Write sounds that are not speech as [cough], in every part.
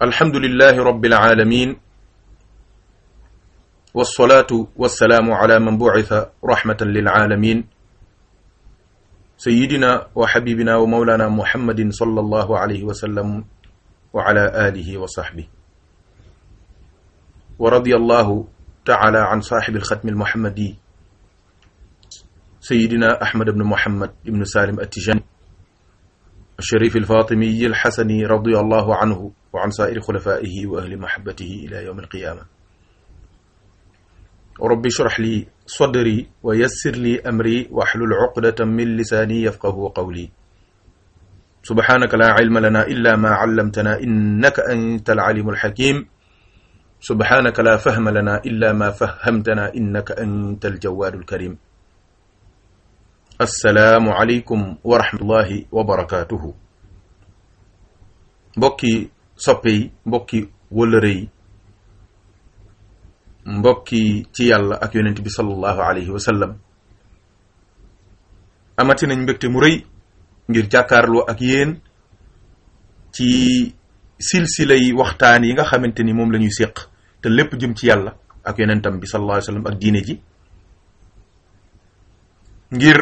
alhamdulillahi rabbil alamin wasalaatu wasalaamu ala man bucita rahmatan lil alamin sayidina wa xabibina wa maulana muhammadin sallallahu alayhi wa sallam wa ala alihi wa saxbi wa radiya allahu taala an saaxibi alxatmi almuhammadi sayidina ahmad ibnu muhammad ibnu salim attijani alsharif alfatimiyi alxasani radiya allahu anhu wa an saa'iri xulafaaihi wa ahli mahabbatihi ila yawmi alqiyaama rabbi ishrah li sadri wa yassir li amri wahlul uqdatan min lisaani yafqahu qawli subhaanaka laa ilma lanaa illaa maa allamtanaa innaka anta al-aliimu al-hakiim subhaanaka laa fahma lanaa illaa maa fahamtanaa innaka anta al-jawwaadu al-kariim assalaamu aleykum wa rahmatullaahi wa barakaatuhu mbokki soppe yi mbokki wëllëre yi mbokki ci yàlla ak yonent bi sallallahu alayhi wa amati nañ mbégte mu rëy ngir jàkkaarloo ak yéen ci silsila yi waxtaan yi nga xamante ni moom lañuy ñuy te lépp jëm ci yàlla ak yonentam bi sallallahu alayhi ak diine ji ngir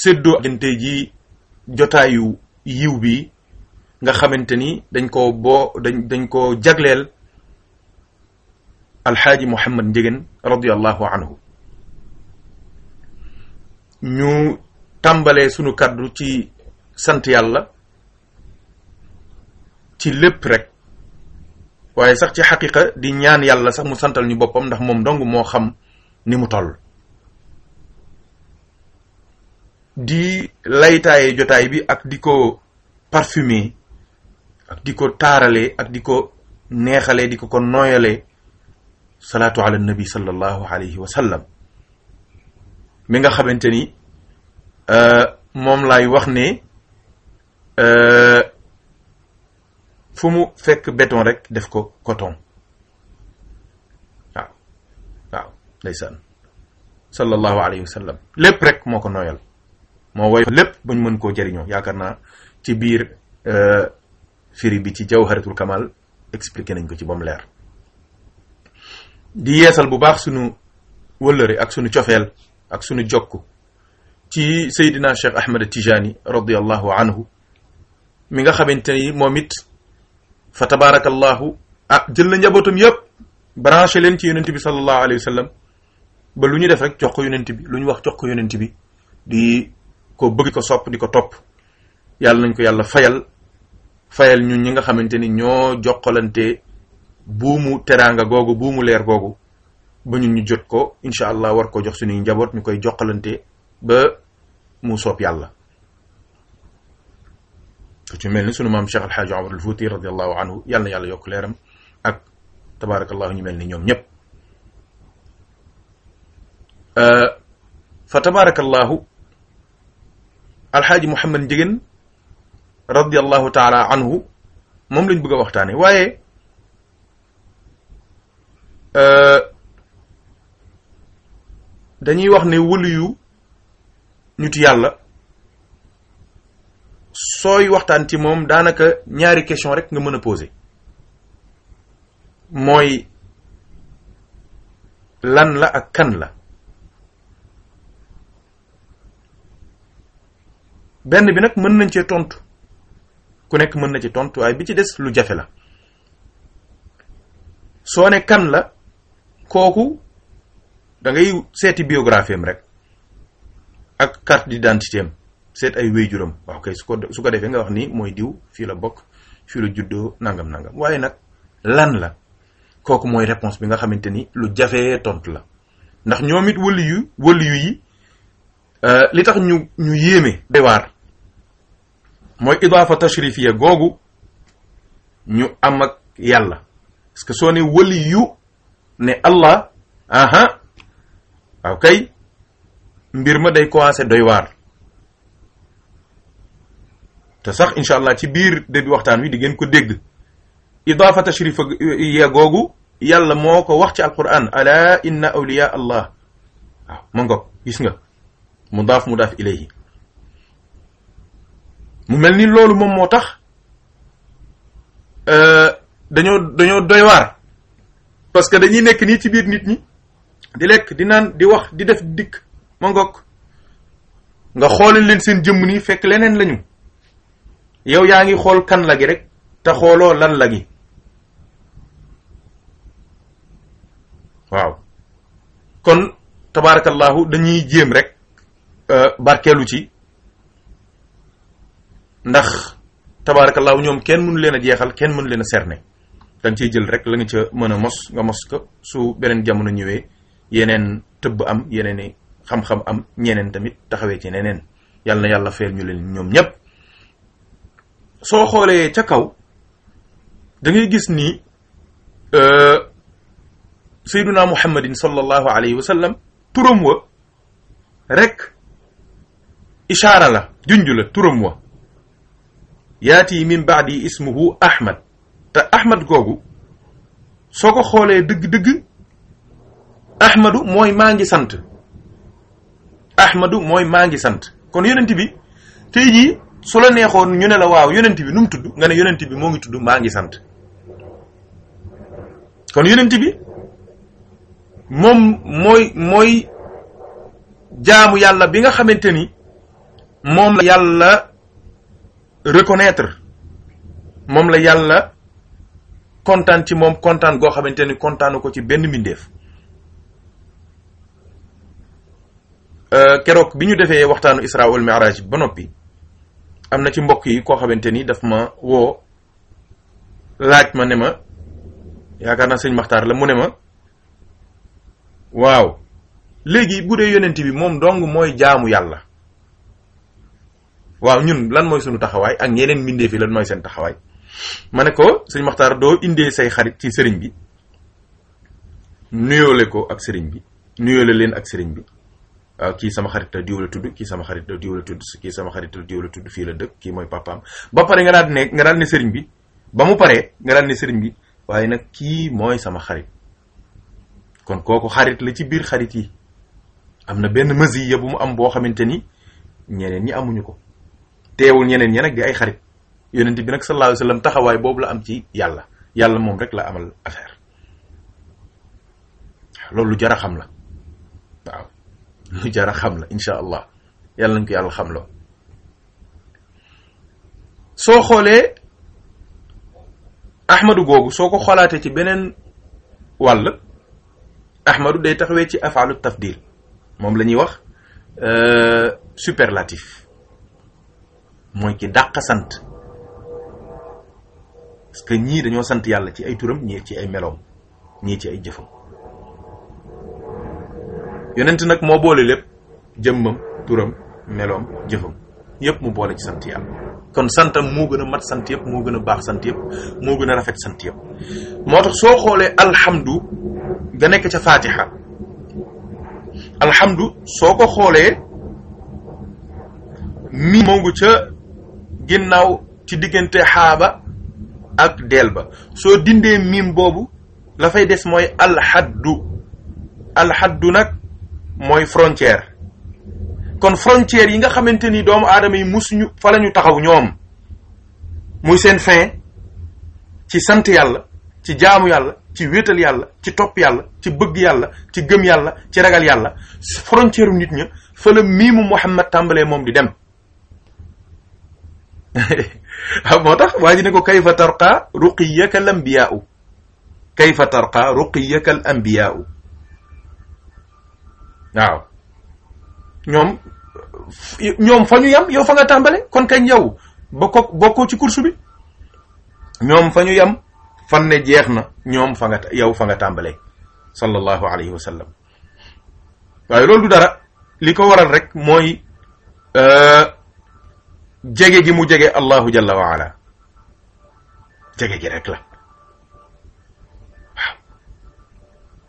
séddoo jante ji jotaayu yiw bi nga xamante ni dañ koo boo dañ dañ koo jagleel alxaaji Mouhamed Ndiéguène radiallahu anhu ñu tàmbalee sunu kàddu ci sant yàlla ci lépp rek waaye sax ci xaqiqa di ñaan yàlla sax mu santal ñu boppam ndax moom dong moo xam ni mu toll di laytaaye jotaay bi ak di ko parfumer ak di ko taarale ak di ko neexalee di ko ko nooyalee salaatu ala nabi sallallahu alayhi wa sallam mi nga xamante ni euh, moom laay wax ne euh, fu mu fekk beton rek def ko coton waaw waaw ndeysaan sallallahu alayhi wa sallam lépp rek moo ko nooyal moo woy lépp buñ mën koo jëriñoo yaakaar naa ci biir euh, firi bi ci jawharatul kamal expliqué nañ ko ci ba mu leer di yeesal bu baax sunu wëllëre ak sunu cofeel ak sunu jokk ci Seydina Cheikh Ahmed Tijani radiyallahu anhu mi nga xamante ni moom it fa tabaarakallahu ah jël na njabootam yëpp branché leen ci yonent bi sallallahu alayhi wa ba lu ñu def rek jox ko bi lu ñu wax jox ko yonent bi di ko bëgg ko sopp di ko topp yàlla nañ ko yàlla fayal fayal ñun ñi nga xamante ni ñoo jokkalante buumu teraanga googu buumu leer googu ba ñu ñu jot ko incha allah war ko jox suñuy njaboot ñu koy jokkalante ba mu soob yàlla ku mel ni sunu maam Cheikh Alxaaji Omar al Fuuti radiallahu anhu yàlla yàlla yokk leeram ak tabaarakallahu ñu mel ni ñoom ñépp euh, fa tabaarakallahu alxaaji Muhammad Njigéen radiallahu taala anhu moom lañ bëgg a waxtaane waaye euh, dañuy wax ni wëliyu nit yàlla sooy waxtaan ci moom daanaka ñaari question rek nga mën a poser mooy lan la ak kan la benn bi nag mën nañ cee tontu ku nekk mën na ci tontu waaye bi ci des lu jafe la soo ne kan la kooku dangay seeti biographie am rek ak carte d'identité am seet ay wéyjuram waaw kay su ko su ko defee nga wax nii mooy diw fii la bokk fii la juddoo nangam nangam waaye nag lan la kooku mooy réponse bi nga xamante ni lu jafee tontu la ndax ñoom it wëli yu wëli yi euh, li tax ñu ñu yéeme. doy waar mooy idaafa tashrifiya googu ñu am ak yàlla parce que soo ne wëli yu ne allah aha waaw kay mbir ma day commencé doy waar te sax incha allah ci biir début waxtaan wi di ngeen ko dégg idaafa tashrifiya googu yàlla moo ko wax ci alquran ala inna awliya allah waaw ma nga mu nga mu mudaaf ilayhi mu mel ni loolu moom moo tax euh, dañoo dañoo doy waar parce que dañuy nekk nii ci biir nit ñi di lekk di naan di wax di def dikk ma ngokk nga xoolal leen seen jëmm nii fekk leneen lañu yow yaa ngi xool kan la gi rek te xooloo lan la gi waaw kon tabarakallahu dañuy jéem rek euh, barkeelu ci ndax tabaarakallaahu ñoom kenn mënu leen a jeexal kenn mënu leen a cerner dañ ciy jël rek la nga ca mën a mos nga mos ko su beneen jamono ñëwee yeneen tëbb am yeneen i xam-xam am ñeneen tamit taxawee ci neneen yàlla na yàlla feel ñu leen ñoom ñëpp soo xoolee ca kaw dangay gis ni euh, sayduna muhammadin sallallahu alayhi wa sallam turam wa rek ishaara la junj la turam wa yaati min baadi ismuhu ahmad te ahmad googu soo ko xoolee dëgg-dëgg ahmadu mooy maa ngi sant ahmadu mooy maa ngi sant kon yonent bi te jii su la neexoon ñu ne la waaw yonent bi nu mu tudd nga ne yonent bi moo ngi maa ngi sant kon yonent bi moom mooy mooy jaamu yàlla bi nga xamante ni moom la yàlla reconnaître moom la yàlla kontaan ci moom kontaan goo xamante ni kontaanu ko ci benn mbindeef euh, keroog bi ñu defee waxtaanu Isra wal Mi'raj ba noppi am na ci mbokk yi koo xamante ni daf ma woo laaj ma ne ma yaakaar naa sëñ Maxtaar la mu ne ma waaw léegi bu dee yonent bi moom dong mooy jaamu yàlla waaw ñun lan mooy suñu taxawaay ak ñeneen mbindeef yi lan mooy seen taxawaay ma ne ko sëñ Maxtaar doo indee say xarit ci sëriñ bi nuyoole ko ak sëriñ bi nuyoole leen ak sëriñ bi ah, kii sama xarit la diw la tudd kii sama xarit la diw la kii sama xarit la tudd fii la dëkk kii mooy papaam ba pare nga daal ne nga bi ba mu paree nga sëriñ bi waaye nag kii mooy sama xarit kon kooku xarit la ci biir xarit yi am na benn masi ya bu mu am boo xamante ni ñeneen ñi amuñu ko teewul ñeneen ñi nag di ay xarit yonent bi nag sallallahu alayhi wa sallam taxawaay boobu la am ci yàlla yàlla moom rek la amal affaire loolu lu jar a xam la waaw lu jar a xam la incha allah yàlla nañ ko yàlla xam loo soo xoolee ahmadu googu soo ko xoolaatee ci beneen wàll ahmadu day taxawee ci afaalu tafdil moom la ñuy wax euh, superlatif mooy ki dàq sant parce que ñii dañoo sant yàlla ci ay turam ñii ci ay meloom ñii ci ay jëfam yonent nag moo boole lépp jëmmam turam meloom jëfam yëpp mu boole ci sant yàlla kon santam moo gën a mat sant yëpp moo gën a baax sant yëpp moo gën a rafet sant yëpp moo tax soo xoolee alhamdu ga nekk ca faatiha alhamdu soo ko xoolee mi moo ca ginnaaw ci diggante xaaba ak deel ba soo dindee miim boobu la fay des mooy alxaddu alxaddu nag mooy frontière kon frontière yi nga xamante ni doomu aadama yi musuñu fa la ñu taxaw ñoom muy seen fin ci sant yàlla ci jaamu yàlla ci wéetal yàlla ci topp yàlla ci bëgg yàlla ci gëm yàlla ci ragal yàlla frontière nit ña fa la miimu Muhammad tàmbalee moom di dem [laughs] moo tax waa ji ko kayfa tarqa ruqiyaka al ambiyaau kayfa tarqa ñoom ñoom fa ñu yam yow fa nga kon kañ yow bokkoo ci course bi ñoom fañu yam fan ne jeex na ñoom fa nga yow fa nga alayhi wa waaye loolu dara li ko waral rek mooy euh, jege gi mu jege allahu jalla wa ala jege gi rek la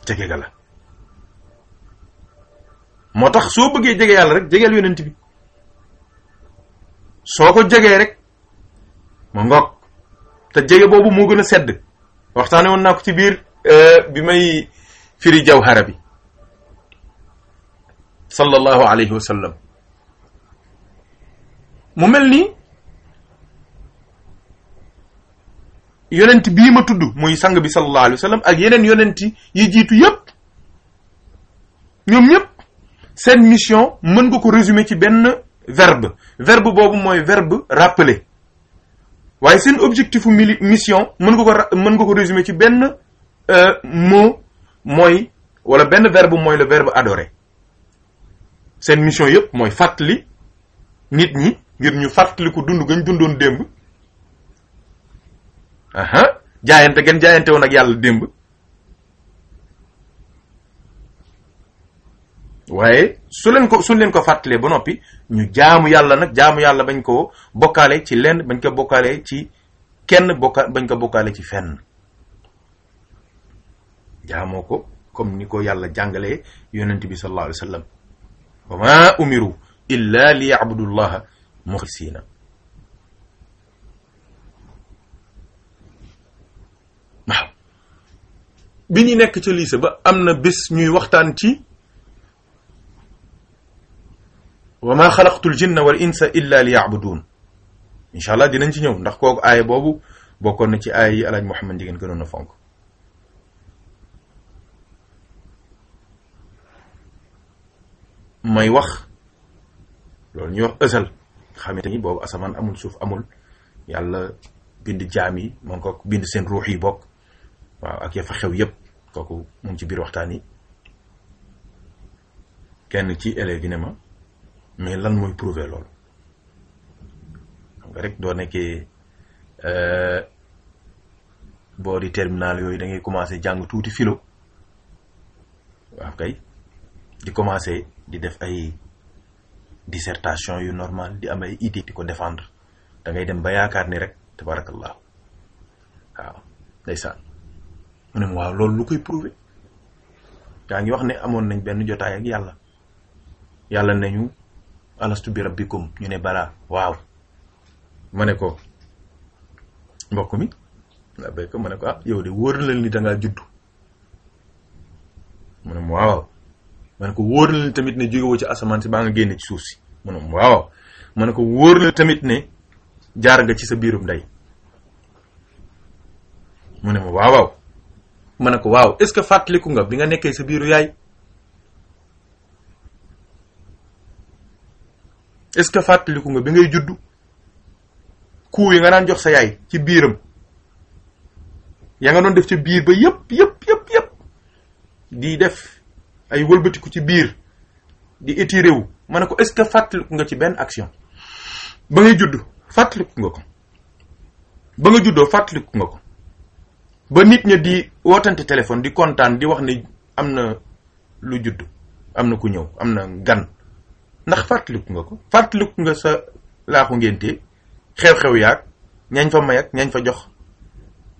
jege ga moo tax soo bëggee jege yàlla rek jegeel yonent bi soo ko jegee rek ma ngoog te jege boobu moo gën sedd waxtaane woon naa ko ci biir euh, bi may firi jaw bi sallallahu alayhi wa mu mel ni yonent bii ma tudd mooy sang bi sallallahu alayhi wa ak yeneen yonent yi jiitu yépp ñoom ñépp seen mission mën nga ko résumer ci benn verbe verbe boobu mooy verbe rappeler waaye seen objectifu mili mission mën nga ko mën nga ko résumer ci benn euh, mot mooy wala benn verbe mooy le verbe adorer seen mission yépp mooy fàttali nit ñi ngir ñu fàttaliku dund gañ dundoon démb aha jaayante gën jaayante woon ak yàlla démb waaye su leen ko su leen ko fàttalee ba noppi ñu jaamu yàlla nag jaamu yàlla bañ ko bokkaale ci lenn bañ ko bokkaale ci kenn bokka bañ ko bokkaale ci fenn jaamoo ko comme ni ko yàlla jàngale yonent bi sallallahu alayhi wa sallam umiru illa li ya'budu llaha muxlisiina waaw bi ñu nekk ca lycée ba am na bés ñuy waxtaan ci wa ma xalaqtu l jinna wal insa illa li yacbuduun incha allah dinañ ci ñëw ndax kooku aaya boobu bokkoon na ci aaya yi alaaj Muhammad jigéen gënoon na fonk may wax loolu ñuy wax xamante ni boobu asamaan amul suuf amul yàlla bind jaami yi moom bind seen ruux yi bokk waaw ak ya fa xew yépp kooku mu ngi ci biir waxtaan yi kenn ci élèves yi ne ma mais lan mooy prouver loolu xam nga rek doo nekkee euh, boo di terminal yooyu dangay ngay commencé jàng tuuti filo waaw kay di commencé di def ay dissertation yu normal di am ay idée di ko défendre da ngay dem ba yaakaar ni rek tabarakallahu waaw ndeysaan mu ne waaw loolu lu koy prouver yaa ngi wax ne amoon nañ benn jotaay ak yàlla yàlla nañu alastu bi rabbikum ñu ne balaa waaw ma ne ko mbokk mi nga ma ne ko ah yow de wóor na la ni da ngaa judd waaw ma ne ko wóor na la tamit ne jóge woo ci asamaan si baa nga génne suuf si mu ne waaw ma ne ko wóor na tamit ne jaar nga ci sa biirum ndey mu ne ma waaw waaw ma ne ko waaw est-ce que fàttaliku nga bi nga nekkee sa biiru yaay est-ce que fàttaliku nga bi ngay juddu kuu yi nga daan jox sa yaay ci biiram yaa nga doon def ci biir ba yëpp yëpp yëpp di def ay wëlbatiku ci biir di étiré wu ma ne ko est-ce que fàttaliku nga ci benn action ba ngay judd fàttaliku nga ko ba ko ba nit ña di wootante téléphone di kontaan di wax ni am na lu judd am na ku ñëw am na gan ndax fàttaliku nga ko fàttaliku nga sa laaxu ngénte xew-xew yaag ñañ fa may ñañ fa jox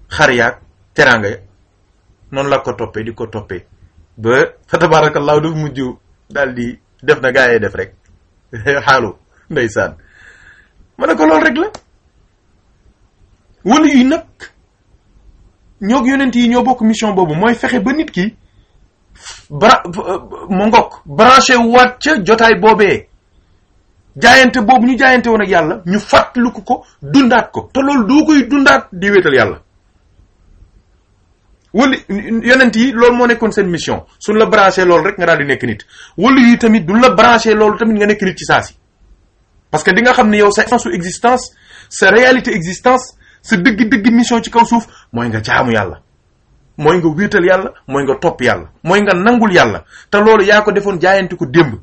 xar yaag teraanga ya noonu la ko toppee di ko toppee ba fa tabarakallahu dafa mujj daal di def na gaa yi def rek [laughs] xaalu ndeysaan ma ne ko loolu rek la wala yu nag ñoog yonent yi ñoo bokk mission boobu mooy fexe ba nit ki bra mu ngokk branché waat ca jotaay boobee jaayante boobu ñu jaayante woon ak yàlla ñu fàttaliku ko dundaat ko te loolu doo koy dundaat di wéetal yàlla wala yonent yi loolu moo nekkoon seen mission suñ la branché loolu rek nga daal di nekk nit wala yi tamit duñ la branché loolu tamit nga nekk nit ci saa parce que di nga xam ne yow sa essence su existence sa réalité existence sa dëgg-dëgg mission ci kaw suuf mooy nga jaamu yàlla mooy nga wéetal yàlla mooy nga topp yàlla mooy nga nangul yàlla te loolu yaa ko defoon jaayanti ko démb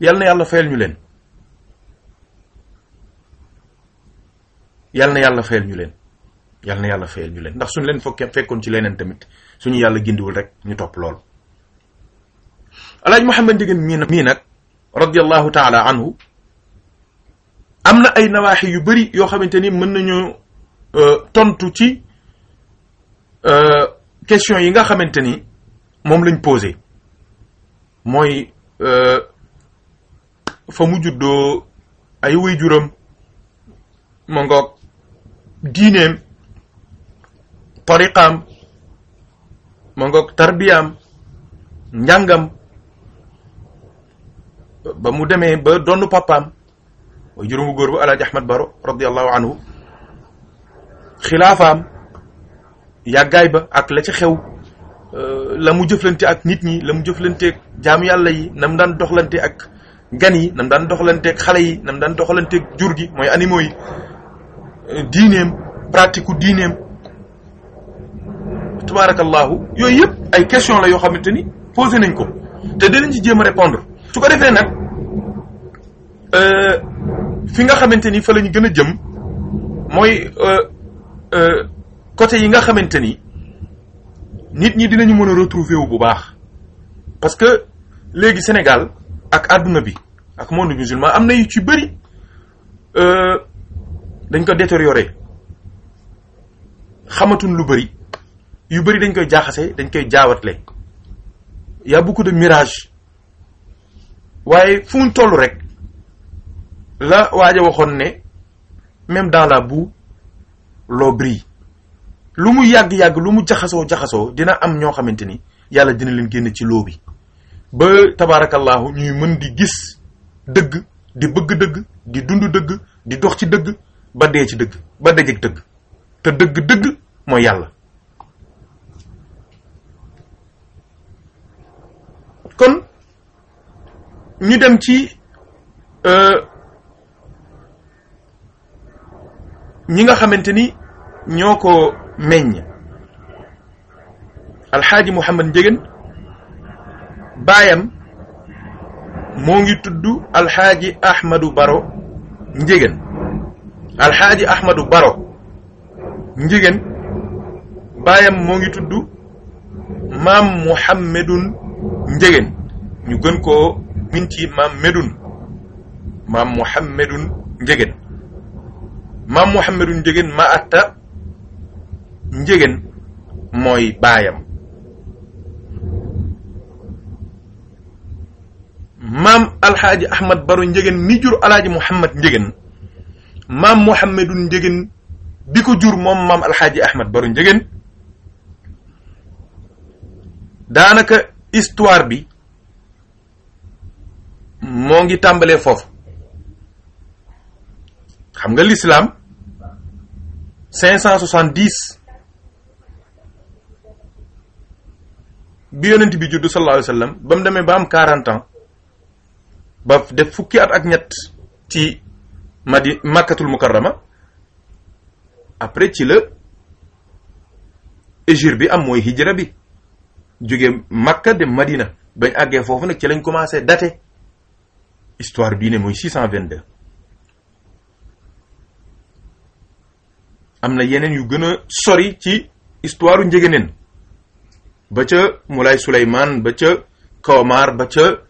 yal na yàlla fayal ñu leen yal na yàlla fayal ñu leen yal na yàlla fayal ñu leen ndax suñu leen fokkee fekkoon ci leneen tamit suñu yàlla gindiwul rek ñu topp lool alaaj Mouhamed xamante mii nag mii nag radiallahu taala anhu am na ay nawaaxi yu bari yoo xamante ni mën nañu euh, tontu ci euh, question yi nga xamante ni moom lañ posé mooy euh, fa mu juddoo ay waajuram ma diineem tariqaam ma ngoog tarbiyaam njàngam ba mu demee ba donnu papaam mooy juróom bu góor bu alaaji ahmad baro radiallahu anhu xilaafaam yàggaay ba ak la ci xew euh, la mu jëflante ak nit ñi la mu jëflanteeg jaamu yàlla yi nam daan doxlante ak gan yi nam daan doxlanteeg xale yi nam daan doxlanteeg jur gi mooy animaux diineem pratique diineem tabarakallahu yooyu yëpp ay question la yoo xamante ni posé nañ ko te dinañ ci jéem a répondre su ko defee nag euh, fi nga xamante ni fa la ñu gën a jëm mooy euh, euh, côté yi nga xamante ni nit ñi dinañu mën a retrouver wu bu baax parce que léegi Sénégal ak àdduna bi ak monde musulman am na yu ci bëri dañ ko détérioré xamatuñ lu bari yu bëri dañ koy jaaxase dañ koy jaawatle y a de mirage waaye fu mu toll rek la waaja waxoon ne même dans la boue l'eau lu mu yàgg-yàgg lu mu jaxasoo jaxasoo dina am ñoo xamante ni yàlla dina leen génn ci loo bi ba tabaarakallaahu ñuy mën di gis dëgg di bëgg dëgg di dund dëgg di dox ci dëgg ba dee ci dëgg ba dajeeg dëgg te dëgg dëgg mooy yàlla kon ñu dem ci euh, ñi nga xamante ni ñoo ko meññ alxaaji Mouhamad Ndiéguène baayam moo ngi tudd alxaaji Ahmadou Baro Ndiéguène alxaaji ahmadu baro njigéen baayam moo ngi tudd maam muhammedun njigéen ñu gën koo min ci maam medun maam muhammedun njigéen maam muhammedun njigéen ma atta njigéen mooy baayam maam alxaaji ahmad baro njigéen mi jur alaaji muhammad njigéen maam Mouhamadou Ndiéguène bi ko jur moom maam alxaaji Ahmed Baro Ndiéguène daanaka histoire bi moo ngi tàmbalee foofu xam nga l'islam cinq cent soixante bi yonent bi juddu sallallahu alayhi ba mu demee ba am quarante ans ba def fukki at ak ñett ci madi makkatul mukarrama après ci la hégire bi am mooy hijra bi jóge makka dem madina bañ àggee foofu nag ci lañ commencé daté histoire bii ne mooy 622 am na yeneen yu gën a sori ci histoire u njëgëneen ba ca Moulay Souleymane ba ca Kawmar ba ca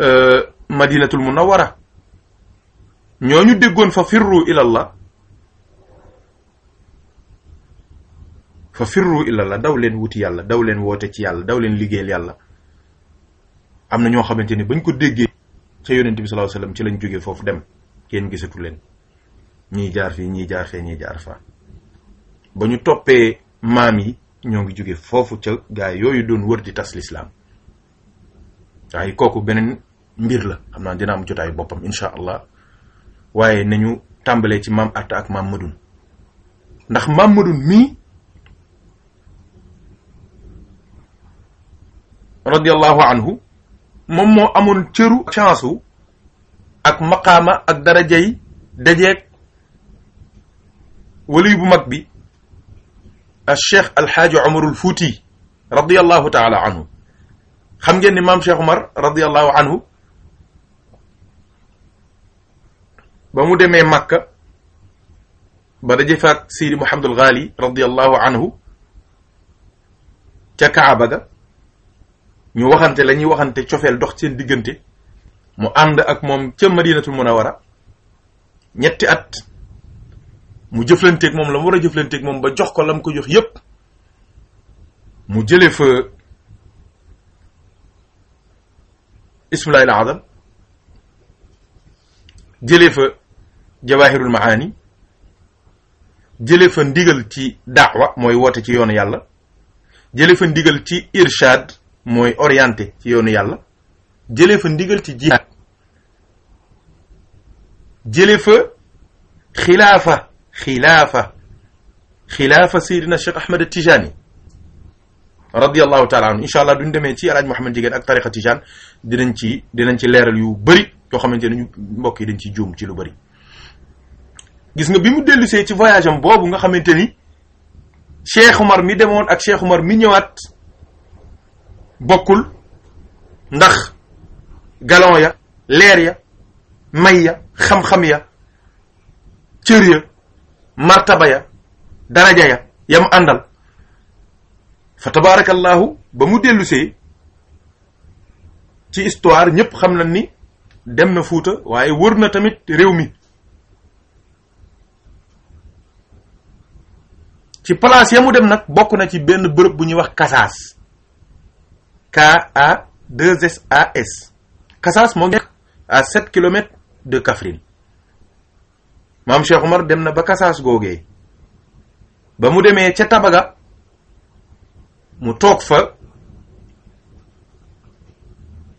euh, Madinatul Munawwara ñoo ñu déggoon fa firru la fa firru la daw leen wuti yàlla daw leen woote ci yàlla daw leen liggéeyal yàlla am na ñoo xamante ni bañ ko déggee ca yonent bi sallallahu alayhi ci lañ jógee foofu dem kenn gisatu leen ñii jaar fii ñii jaar fee ñii jaar fa ba ñu toppee maam yi ñoo ngi jóge foofu ca gaa yooyu doon wër di tas lislaam waaye kooku beneen mbir la xam naa dina am jotaayu boppam incha allah waaye nañu tàmbalee ci maam Atta ak maam Madoun ndax maam Madoun mii radiyallahu anhu moom moo amoon cëru chance ak maqaama ak darajay dajeeg waliyu bu mag bi al cheikh alxaaji omarul fuuti radiyallahu taala anhu xam ngeen ni maam Cheikh Omar radiyallahu anhu ba mu demee Makka ba daje fa ak Seydi Mouhamadul Ghali radiyallahu anhu ca Kaaba ga ñu waxante la ñuy waxante cofeel dox seen diggante mu ànd ak moom ca Madinatul Munawwara ñetti at mu jëflanteeg moom la mu war a jëflanteeg moom ba jox ko la mu ko jox yépp mu jëlee fa ismulaayil adam jëlee fa jawahirul maani jële fa ndigal ci daawa mooy woote ci yoonu yàlla jële fa ndigal ci irshad mooy orienté ci yoonu yàlla jële fa ndigal ci jihaad jële fa xilaafa xilaafa xilaafa seydina Cheikh Ahmed Tijani radiyallahu taala anhu incha allah duñ demee ci alaaj Mouhamed Jigéen ak tariqa Tijaan dinañ ci dinañ ci leeral yu bëri yoo xamante ni mbokk yi dañ ci juum ci lu bëri. gis nga bi mu dellusee ci voyage boobu nga xamante ni Cheikh Umar mi demoon ak Cheikh Umar mi ñëwaat bokkul ndax galon ya leer ya may ya xam-xam ya cër ya martaba ya daraja ya yam àndal fa tabarakallahu ba mu dellusee ci histoire ñëpp xam na ni dem na Fuuta waaye wër na tamit réew mi ci place ya dem nag bokk na ci benn bërëb bu ñuy wax kasaas K A 2 S A S Casas moo nekk à 7 kilomètres de Kaffrine maam Cheikh Omar dem na ba Casas googee ba mu demee ca Tabaga mu toog fa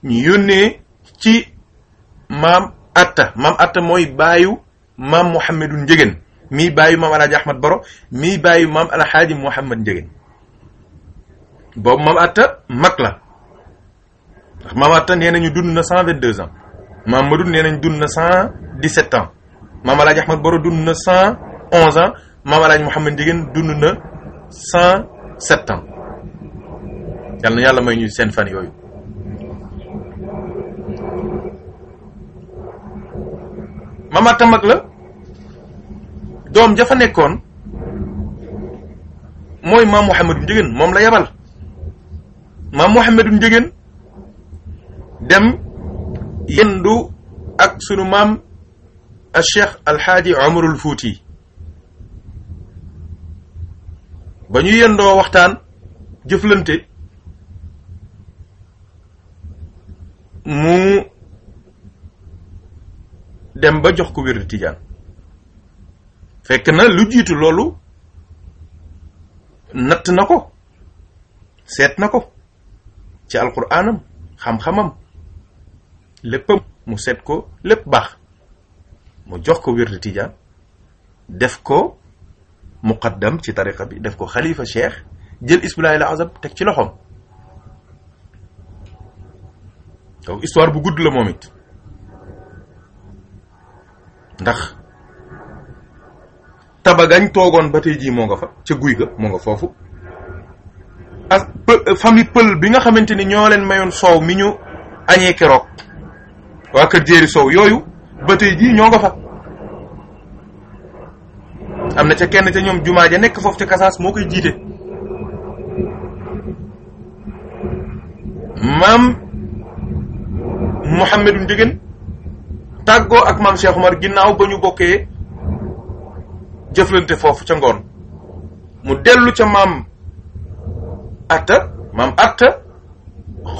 ñu yónnee ci maam Atta maam Atta mooy baayu maam Mouhamedou Ndiéguène mii bàyyi maam alaaji ahmad boro mii bàyyi maam alxaaji mouhamad njegéen boobu maam atta mag la ndax maam atta nee nañu dund na cent vingt deux ans maam madun nee nañ dund na cent dix sept ans maam alaaji ahmad boro dund na cent onze ans maam alaaji mouhamad njegéen dund na cent sept ans yàlla na yàlla may ñu seen fan yooyu maam atta mag la doom jafa nekkoon mooy maam Mouhamadou Ndiéguène moom la yebal maam Mouhamadou Ndiéguène dem yendu ak sunu maam al cheikh alxaaji Omarul Fuuti ba ñu yendoo waxtaan jëflante mu dem ba jox ko wér di fekk na lu jiitu loolu natt na ko seet na ko ci alquraanam xam-xamam léppam mu seet ko lépp baax mu jox ko wirdu tijaan def ko muqaddam ci tariqa bi def ko xalifa cheikh jël isbilaahil azam teg ci loxoom donc histoire bu gudd la moom it ndax tabagañ toogoon ba jii moo nga fa ca guy ga moo nga foofu ak famille pël bi nga xamante ni ñoo leen mayoon soow mi ñu añee keroog waa kër jéeri soow yooyu ba jii ñoo nga fa am na ca kenn ca ñoom jumaa ja nekk foofu ca kasaas moo koy jiite maam Mouhamadou Ndiéguène tàggoo ak maam Cheikh Omar ginnaaw ba ñu bokkee jëflante foofu ca ngoon mu dellu ca maam atta maam atta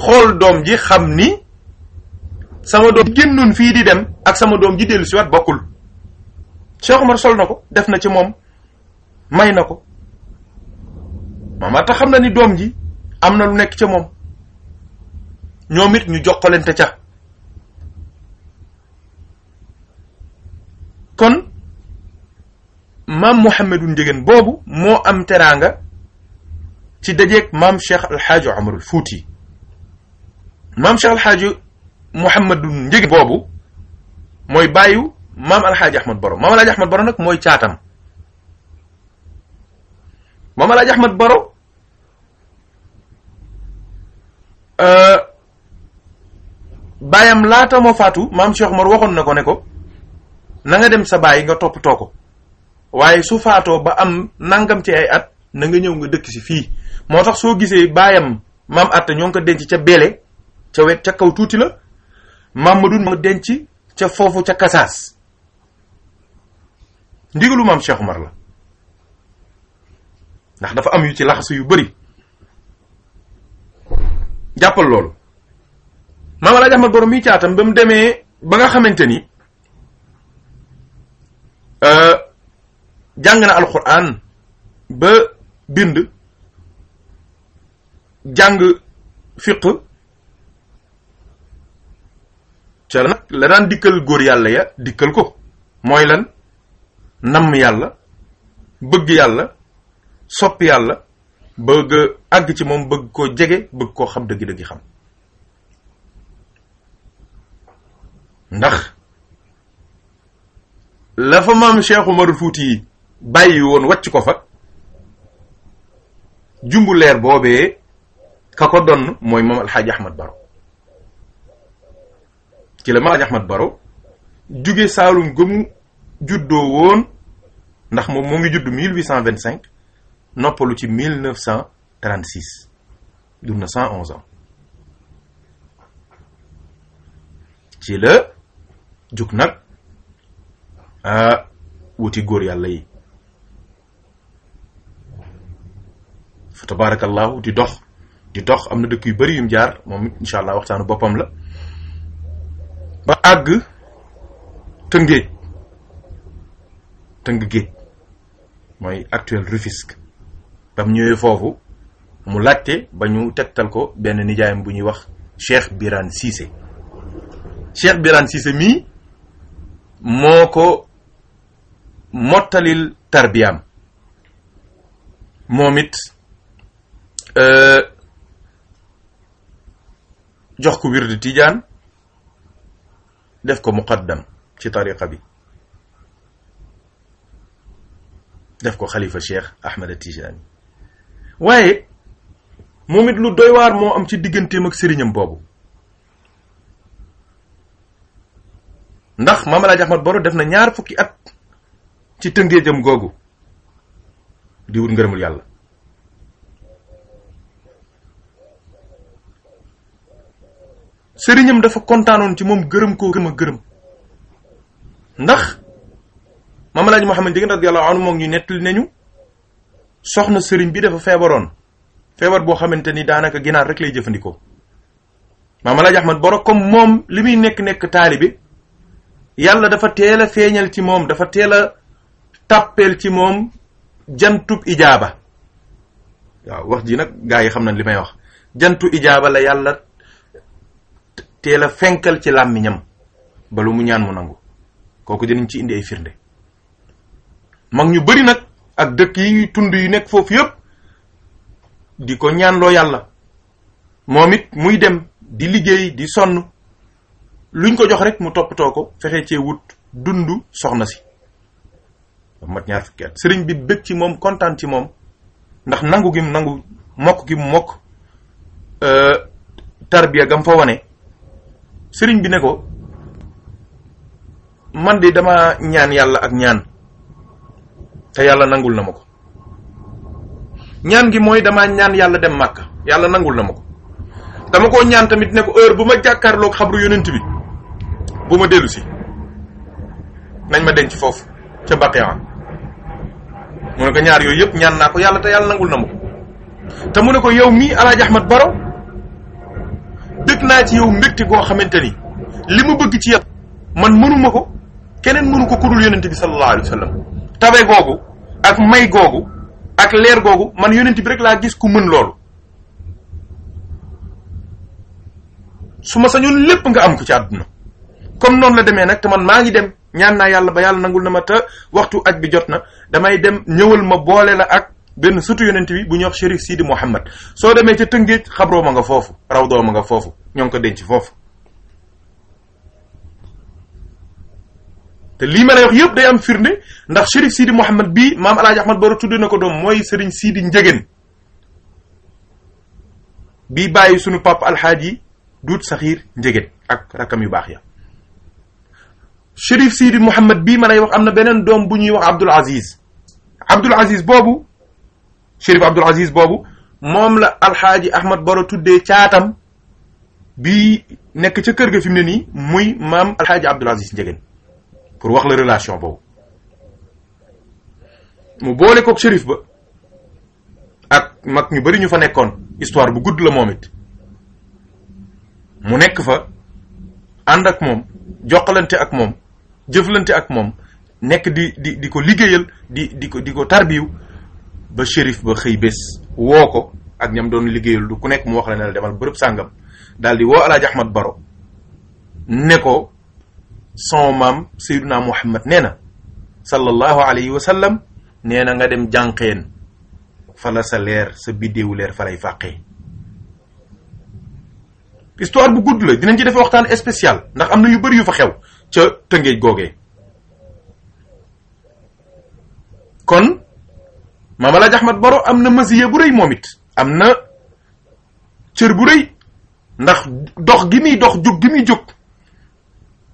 xool doom ji xam ni sama doom génnoon fii di dem ak sama doom ji dellu si waat bokkul Cheikh Omar sol na ko def na ci moom may na ko maam atta xam na ni doom ji am na lu nekk ca moom ñoom it ñu jokkalante ca kon maam Mouhamadou Ndiéguène boobu moo am teraanga ci dajeeg maam Cheikh El Hadj Omarul Fouti maam Cheikh El Hadj Mouhamadou Ndiéguène boobu mooy bàyyu maam El Hadj Ahmad Boro maam El Hadj Ahmad Boro nag mooy caatam maam El Hadj Ahmad Boro euh, baayam laata moo faatu maam Cheikh Omar waxoon na ko ne ko na nga dem sa baay nga toppatoo ko. waaye su faatoo ba am nangam ci ay at na nga ñëw nga dëkk si fii moo tax soo gisee baayam maam atta ñoo ngi ko denc ca beele ca wet ca kaw tuuti la maam Madun ma denc ca foofu ca kasaas ndigalu maam Cheikh Umar la ndax dafa am yu ci laxasu yu bari jàppal loolu maam Alaaji Ahmad Borom mi caatam ba mu demee ba nga xamante ni euh, jàng na alquran ba bind jàng fiq ca nag la daan dikkal góor yàlla ya dikkal ko mooy lan namm yàlla bëgg yàlla sopp yàlla bëgg àgg ci moom bëgg koo jege bëgg koo xam dëgg-dëgg xam ndax la fa maam Cheikh Umarul Fuuti yi bàyyi woon wàcc ko fa jumbu leer boobee ka ko donn mooy moom alxaaji ahmad baro ci la ma alxaaji ahmad baro jóge saalum gëmu juddoo woon ndax moom moo ngi judd noppalu ci 1936 dund na 111 ans ci la jug nag ah, wuti góor yàlla yi fa tabaarakallaahu di dox di dox am na dëkk yu bari yum jaar moom it incha allah waxtaanu boppam la ba àgg tëngéej tëng géej mooy actuel Rufisque ba mu ñëwee foofu mu laajte ba ñu tegtal ko benn nijaayam bu ñuy wax Cheikh Birane Cissé Cheikh Birane Cissé mii moo ko mottalil tarbiyaam moom it Euh, jox ko wirdu tijaan def ko muqaddam ci tariqa bi def ko xalifa cheikh Ahmed Tijaani waaye moom it lu doy moo am ci digganteem ak sëriñam boobu ndax Maam Alaaji Ahmad def na ñaar fukki at ci tëngéejam googu di wut yàlla sëriñam dafa kontaanoon ci moom gërëm koo gërëm a gërëm ndax maam Alaaji Muhammad Ndieguene radiyallahu anhu moom ngi nettali nañu soxna sëriñ bi dafa feebaroon feebar boo xamante ni daanaka ginaar rek lay jëfandikoo maam Alaaji Boro comme moom li muy nekk nekk taalibe yàlla dafa teel a feeñal ci moom dafa teel a tàppeel ci moom jantu ijaaba waaw wax ji nag gaa yi xam nañ li may wax jantu ijaaba la yàlla teel a fenkal ci làmmiñam balu mu ñaan mu nangu kooku dinañ ci indi ay firnde mag ñu bari nag ak dëkk yi tund yu nekk foofu yépp di ko ñaanloo yàlla moom it muy dem di liggéey di sonn luñ ko jox rek mu toppatoo ko fexe cee wut dund soxna si mat ñaar fukki at sëriñ bi bëgg ci moom kontaan ci moom ndax nangu gi mu nangu mokk gi mu mokk euh, tarbiya gam fa wane sëriñ bi ne ko man di dama ñaan yàlla ak ñaan te yàlla nangul na ma ko ñaan gi mooy damaa ñaan yàlla dem màkk yàlla nangul na ma ko dama koo ñaan tamit ne ko heure bu ma jàkkaarloog xabru yonent bi bu ma dellusi nañ ma denc foofu ca Baqiya mu ne ko ñaar yooyu yëpp ñaan naa ko yàlla te yàlla nangul na ma ko te mu ne ko yow mii Alaaji Ahmad Baro bëgg naa ci yow mbëkk goo xamante ni li ma bëgg ci yow man mënuma ko keneen mënu ko kudul yonent bi sallallahu alayhi wa sallam tabe googu ak may googu ak leer googu man yonent bi rek laa gis ku mën loolu su ma sañoon lépp nga am ko ci àdduna comme noonu la demee nag te man maa ngi dem ñaan naa yàlla ba yàlla nangul na ma te waxtu aj bi jot na damay dem ñëwal ma boole la ak benn sutu yonent bi bu ñuy wax Chérif Sidi Mouhammad soo demee ca Tëngéej xabroo ma nga foofu rawdoo ma nga foofu ñoo ngi ko denc foofu te lii ma lay wax yëpp day am firnde ndax Chérif Sidi Mouhammad bi maam alaaji Ahmad Baro na ko doom mooy Serigne Sidi Njëgéen bii bàyyi sunu pap alxaaji duut saxiir Njëgéen ak rakam yu baax ya Chérif Sidi Mouhammad bii ma lay wax am na beneen doom bu ñuy wax Abdul Aziz Abdul Aziz boobu Chérif Abdoul Aziz boobu moom la alxaaji Ahmad Baro tuddee caatam bi nekk ca kër ga fi mu ne nii muy maam alxaaji Abdoul Aziz Ndiéguène pour wax la relation boobu mu boole kook Chérif ba ak mag ñu bari ñu fa nekkoon histoire bu gudd la moom it mu nekk fa ànd ak moom jokkalante ak moom jëflante ak moom nekk di di di ko liggéeyal di di ko di ko tarbiw ba shérif ba xëy bés woo ko ak ñam doon liggéeyal du ku nekk mu wax la ne la demal bërëb sàngam dal di woo Alaaji Ahmad Baro ne ko son maam Seyduna Muhammad nee na sallallahu alayhi wa sallam nee na nga dem jànqeen fa la sa leer sa biddéewu leer fa lay fàqee histoire bu gudd la dinañ ci def waxtaan spécial ndax am na yu bari yu fa xew ca tëngeej googee kon maam El Hadj Ahmed Baro am na masiya bu rëy moom it am na cër bu rëy ndax dox gi muy dox jug gi muy jóg.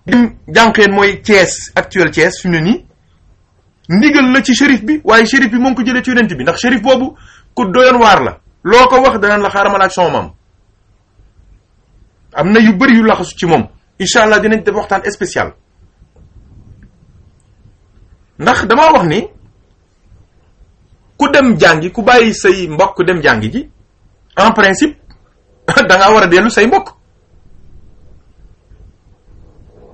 lim jànqeen mooy Thiès actuel Thiès fi mu ne nii ndigal la ci shérif bi waaye shérif bi moo ko jëlee ci yonent bi ndax shérif boobu ku doyoon waar la loo ko wax danaan la xaaral ma laaj sama maam am na yu bëri yu laxasu ci moom incha allah dinañ def waxtaan spécial ndax damaa wax ni ku dem jàngi ku bàyyi say mbokk dem jàngi ji en principe [laughs] da ngaa war a dellu say mbokk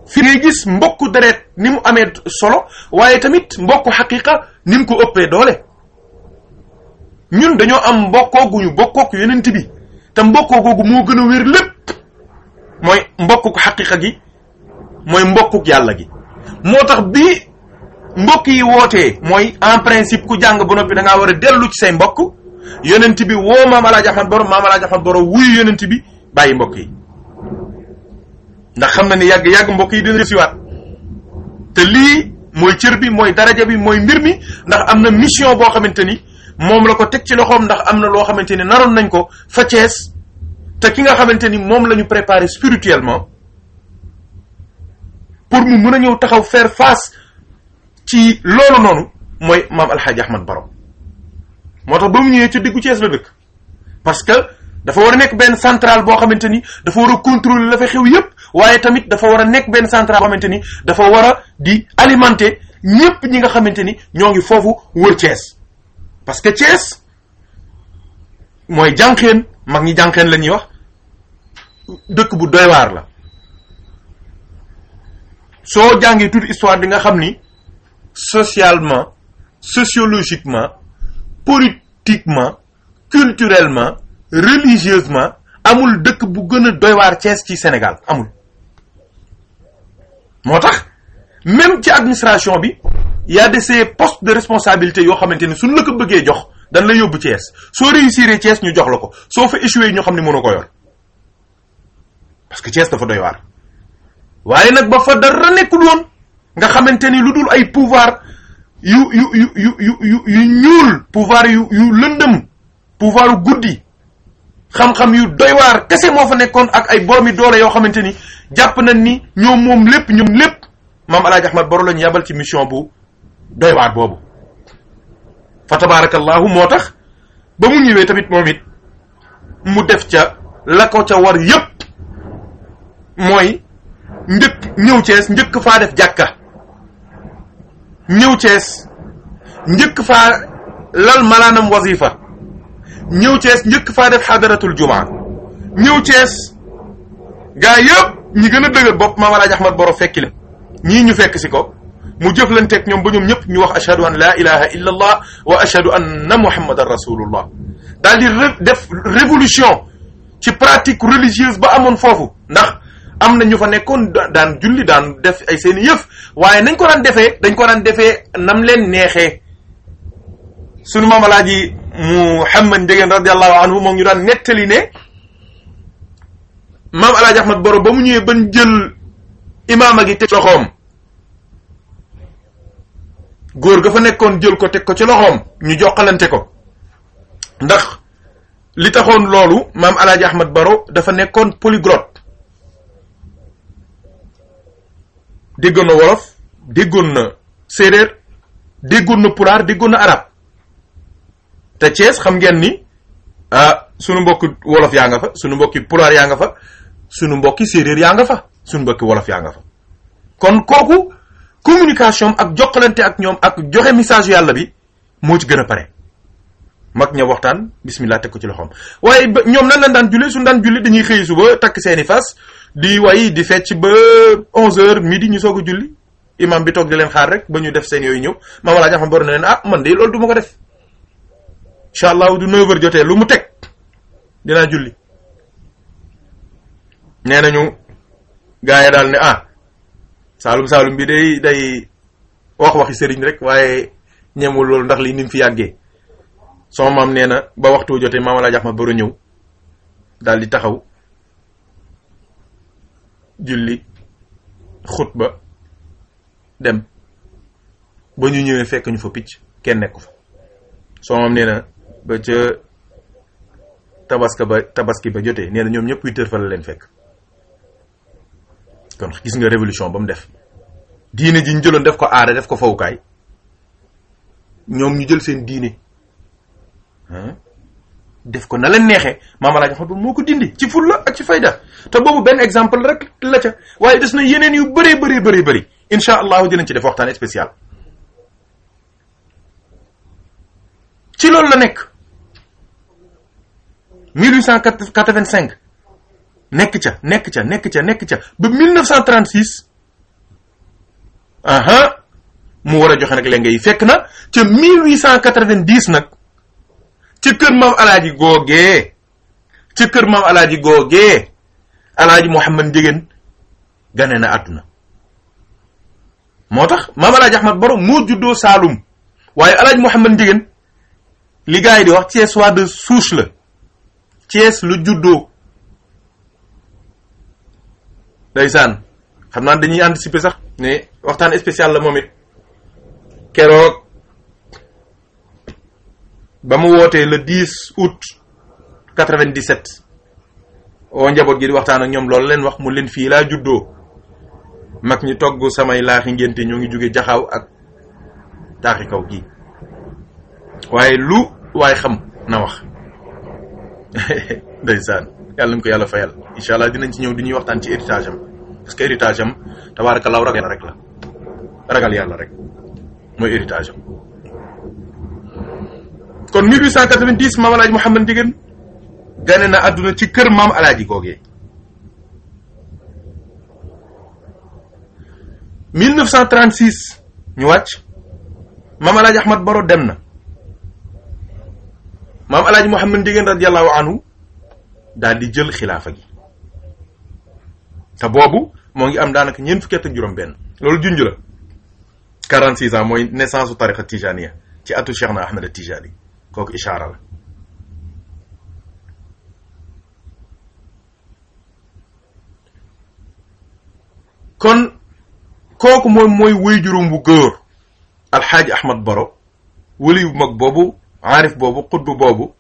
fi ngay gis mbokku deret ni mu amee solo waaye tamit mbokku xaqiqa nim mu ko ëppee doole ñun dañoo am mbokkoo ñu bokkook yonent bi te mbokkoo moo gën a wér lépp mooy mbokkuk xaqiqa gi mooy mbokkuk yàlla gi moo tax bi mbokk yi wootee mooy en principe ku jàng ba noppi da ngaa war a dellu ci say mbokk yonent bi woo maam El Hadj Ahmad Boro a El Hadj Ahmad Boro wuyu yonent bi bàyyi mbokk yi ndax xam na ni yàgg yàgg mbokk yi dina siwaat te lii mooy cër bi mooy daraja bi mooy mbir mi ndax am na mission boo xamante ni moom la ko teg ci loxoom ndax am na loo xamante ni naroon nañ ko fa Cees te ki nga xamante ni moom lañu ñu préparé spirituellement pour mu mën a ñëw ci loolu noonu mooy maam alxaaji ahmad borom moo tax ba mu ñëwee ci diggu Cees la dëkk parce que dafa war a nekk benn centrale boo xamante ni dafa war a contrôler la fa xew yépp waaye tamit dafa war a nekk benn centrale xamante ni dafa war a di alimenter ñépp ñi nga xamante ni ñoo ngi foofu wër Cees parce que Cees mooy jànqeen mag ñi jànqeen la ñuy wax dëkk bu doy waar la soo jàngee toute histoire di nga xam ni socialement sociologiquement politiquement culturellement religieusement amul dëkk bu gën a doy waar Thiès ci Sénégal amul moo tax même ci administration bi y a de ces postes de responsabilité yoo xamante ni suñ la ko bëggee jox dañ la yóbbu Thiès soo réussir Thiès ñu jox la ko soo fa échoué ñoo xam ne mënu ko yor parce que Thiès dafa doy waaye nag ba fa dara nekkul woon nga xamante ni lu dul ay pouvoir yu yu yu yu yu yu ñuul pouvoir yu yu lëndëm pouvoir yu guddi xam-xam yu doy waar kese moo fa nekkoon ak ay boromi doole yoo xamante ni jàpp nañ ni ñoom moom lépp ñoom lépp maam El Hadj Ahmad lañu yabal ci mission bu doy boobu. fa tabarakallahu moo tax ba mu ñëwee tamit moom it mu def ca lakko ko ca war yépp mooy njëkk ñëw Cees njëkk faa def jàkka. ñëw Cees njëkk faa lal malaanam wazifa ñëw Cees njëkk faa def xadaratul jumaa ñëw Cees gaa yëpp ñi gën a dëgër bopp maam Alaaji Ahmad Boro fekki leen ñii ñu fekk si ko mu jëflanteeg ñoom ba ñoom ñëpp ñu wax ashhadu an la ilaha illa allah wa ashhadu anna muhammadan rasulullah daal di def révolution ci pratique religieuse ba amoon foofu ndax am na ñu fa nekkoon daan julli daan def ay seen yëf waaye nañ ko daan defee dañ ko daan defee nam leen neexee sunu maam alaaji Muhammad Ndiéguène radiallahu anhu moom ñu daan nettali ne maam alaaji Ahmad Boro ba mu ñëwee ban jël imaama gi teg loxoom góor ga fa nekkoon jël ko teg ko ci loxoom ñu joxalante ko ndax li taxoon loolu maam alaaji Ahmad Boro dafa nekkoon polyglotte déggoon na wolof déggoon na séeréer déggoon na pulaar déggoon na arab te Thiès xam ngeen ni ah sunu mbokki wolof yaa nga fa sunu mbokki pulaar yaa nga fa sunu mbokki séeréer yaa nga fa sunu mbokki wolof yaa nga fa kon kooku communication ak jokkalante ak ñoom ak joxe message yàlla bi moo ci gën a pare mag ña waxtaan bismillah teg ko ci loxoom waaye ñoom nan lañ daan julli su daan julli dañuy xëy suba takk seeni fas di way di fecc ba 11h midi ñu soog julli imam bi toog di leen xaar rek ba ñu def seen yooyu ñëw maam El Hadj Axma bor na leen ah man de ma ko def allah du 9 jotee lu mu teg dinaa julli. nee nañu gars daal ne ah Saalum Saalum bi day day wax waxi sëriñ rek waaye ñemul loolu ndax li ni fi àggee sama maam nee na ba waxtu jotee maama laa jax ma bëru ñëw daal di taxaw julli xutba dem ba ñu ñëwee fekk ñu fa picc kenn nekku fa sama maam nee na ba ca tabaska ba tabaski ba jotee nee na ñoom ñëpp huit heures fa la leen fekk kon gis nga révolution ba mu def diine ji ñu jëloon def ko aada def ko fawukaay ñoom ñu jël seen diine def ko na la neexee maama laaj Mahmoud moo ko dindi ci fulla ak ci fayda te boobu benn exemple rek la ca waaye des na yeneen yu bëree bëree bëri bëri incha allahu dinañ ci def waxtaan spécial. ci loolu la nekk 1885 nekk ca nekk ca nekk ca nekk ca ba 1936 aha mu war a joxe nag yi fekk na ca 1890 nag. ci kër maam alaaji googee ci kër maam alaaji googee alaaji Mouhamad Ndiéguène gane na àdduna moo tax maam alaaji Ahmad Baro moo juddoo Saalum waaye alaaji moo Ndiéguène li gars yi di wax Thiès waa de souche la Thiès lu juddoo ndeysaan xam naa dañuy anticiper sax ne waxtaan spécial la moom it keroog ba mu wootee le 10 août 97 oo njaboot gi di waxtaan ak ñoom loolu leen wax mu leen fii laa juddoo mag ñi togg samay laaxi ngénte ñoo ngi jóge jaxaaw ak taaxi kaw gi waaye lu waaye xam na wax [laughs] ndeysaan yàlla nañ ko yàlla fayal incha allah dinañ ci ñëw di ñuy waxtaan ci héritage am parce que héritage am tabaarakallaah ragal ragal yàlla rek mooy héritage am kon cent 1890 maam alaaji Mouhamed Ndieguene gane na àdduna ci kër maam alaaji googee 1936 ñu wàcc maam alaaji Ahmad Baro dem na maam alaaji Mouhamed Ndieguene radiyallahu anhu daal di jël xilaafa gi te boobu moo ngi am daanaka ñeent fukki at ak juróom benn loolu junj la 46 ans mooy naissance u tariqa tijaniya ci atu Cheikh na Ahmed Tijani kooku ishaara kon kooku moom mooy wéy juróom bu góor alxaaji ahmad baro wëli bu mag boobu aarif boobu xutb boobu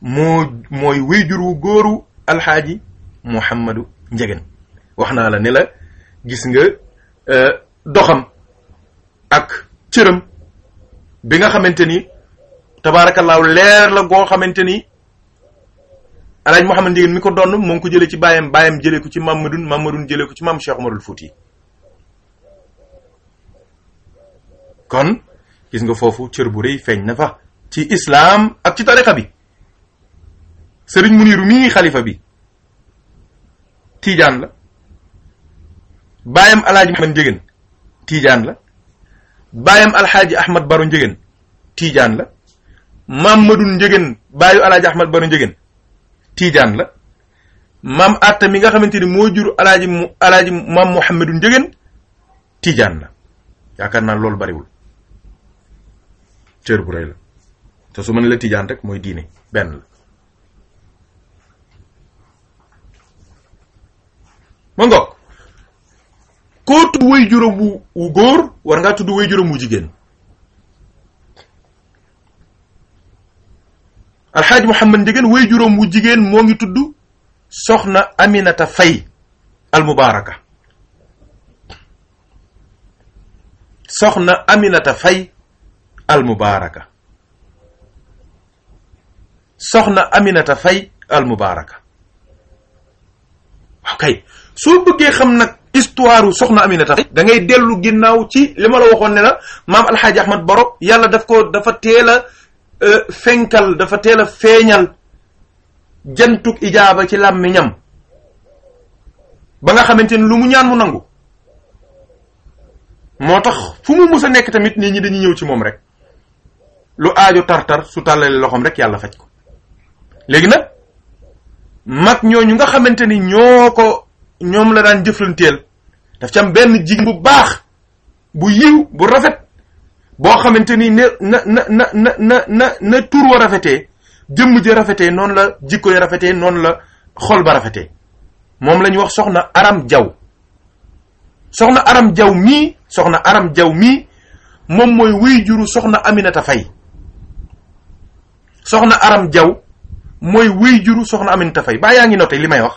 moo mooy wéy jur wu góoru alxaaji muhammadu njegen wax na la ni la gis nga eh, doxam ak cëram bi nga xamante ni tabaarakallaahu leer la goo xamante ni alaaj Mouhamed Ndieguène mi ko donn moo ngi ko jëlee ci baayam baayam jële ko ci Mamadun Mamadun jëlee ko ci maam Cheikh Umarul Fouti kon gis nga foofu cër bu rëy feeñ na fa ci islaam ak ci tariqa bi sëriñ Muniru mii xalifa bi tiijaan la baayam alaaji Mouhamed Ndieguène tiijaan la baayam Ahmad Baro Ndieguène tiijaan la ma Mamadou Njëgën baayu alaaji Ahmad Baro Njëgën tiijaan la maam Atta mi nga xamante ni moo jur alaaji mu alaaji maam Mouhamadou Njëgën tiijaan la yaakaar naa loolu bariwul cër bu rëy la te su ma ne la tiijaan rek mooy diine benn la ma ngoog koo tudd way juróom wu góor war ngaa tudd way juróom wu jigéen alxaaji Mouhamad Ndiéguène way juróom wu jigéen moo ngi tudd soxna Aminata Faye almubaaraka soxna Aminata Faye almubaaraka soxna Aminata Faye almubaaraka waaw kay soo bëggee xam nag histoire soxna Aminata Faye da dellu ginnaaw ci li ma la waxoon ne la maam alxaaji Ahmad Baro yàlla daf ko dafa teel Euh, fenkal dafa teel a feeñal jantug ijaaba ci làmmiñam ba nga xamante ni lu mu ñaan mu nangu moo tax fu mu mës a nekk tamit nit ñi dañuy ñëw ci moom rek lu aajo tartar su tàllale loxoom rek yàlla faj ko léegi nag mag ñooñu nga xamante ni ñoo ko ñoom la daan jëflanteel daf ci am benn jigéen bu baax bu yiw bu rafet boo xamante ni ne na na na na na na wa rafetee jëmm ja rafetee noonu la jikko ya rafetee noonu la xol ba rafetee moom la wax soxna aram jaw soxna aram jaw mii soxna aram jaw mii moom mooy wuy juru soxna Aminata Fay soxna aram jaw mooy wuy juru soxna Aminata Fay baa yaa ngi noté li may wax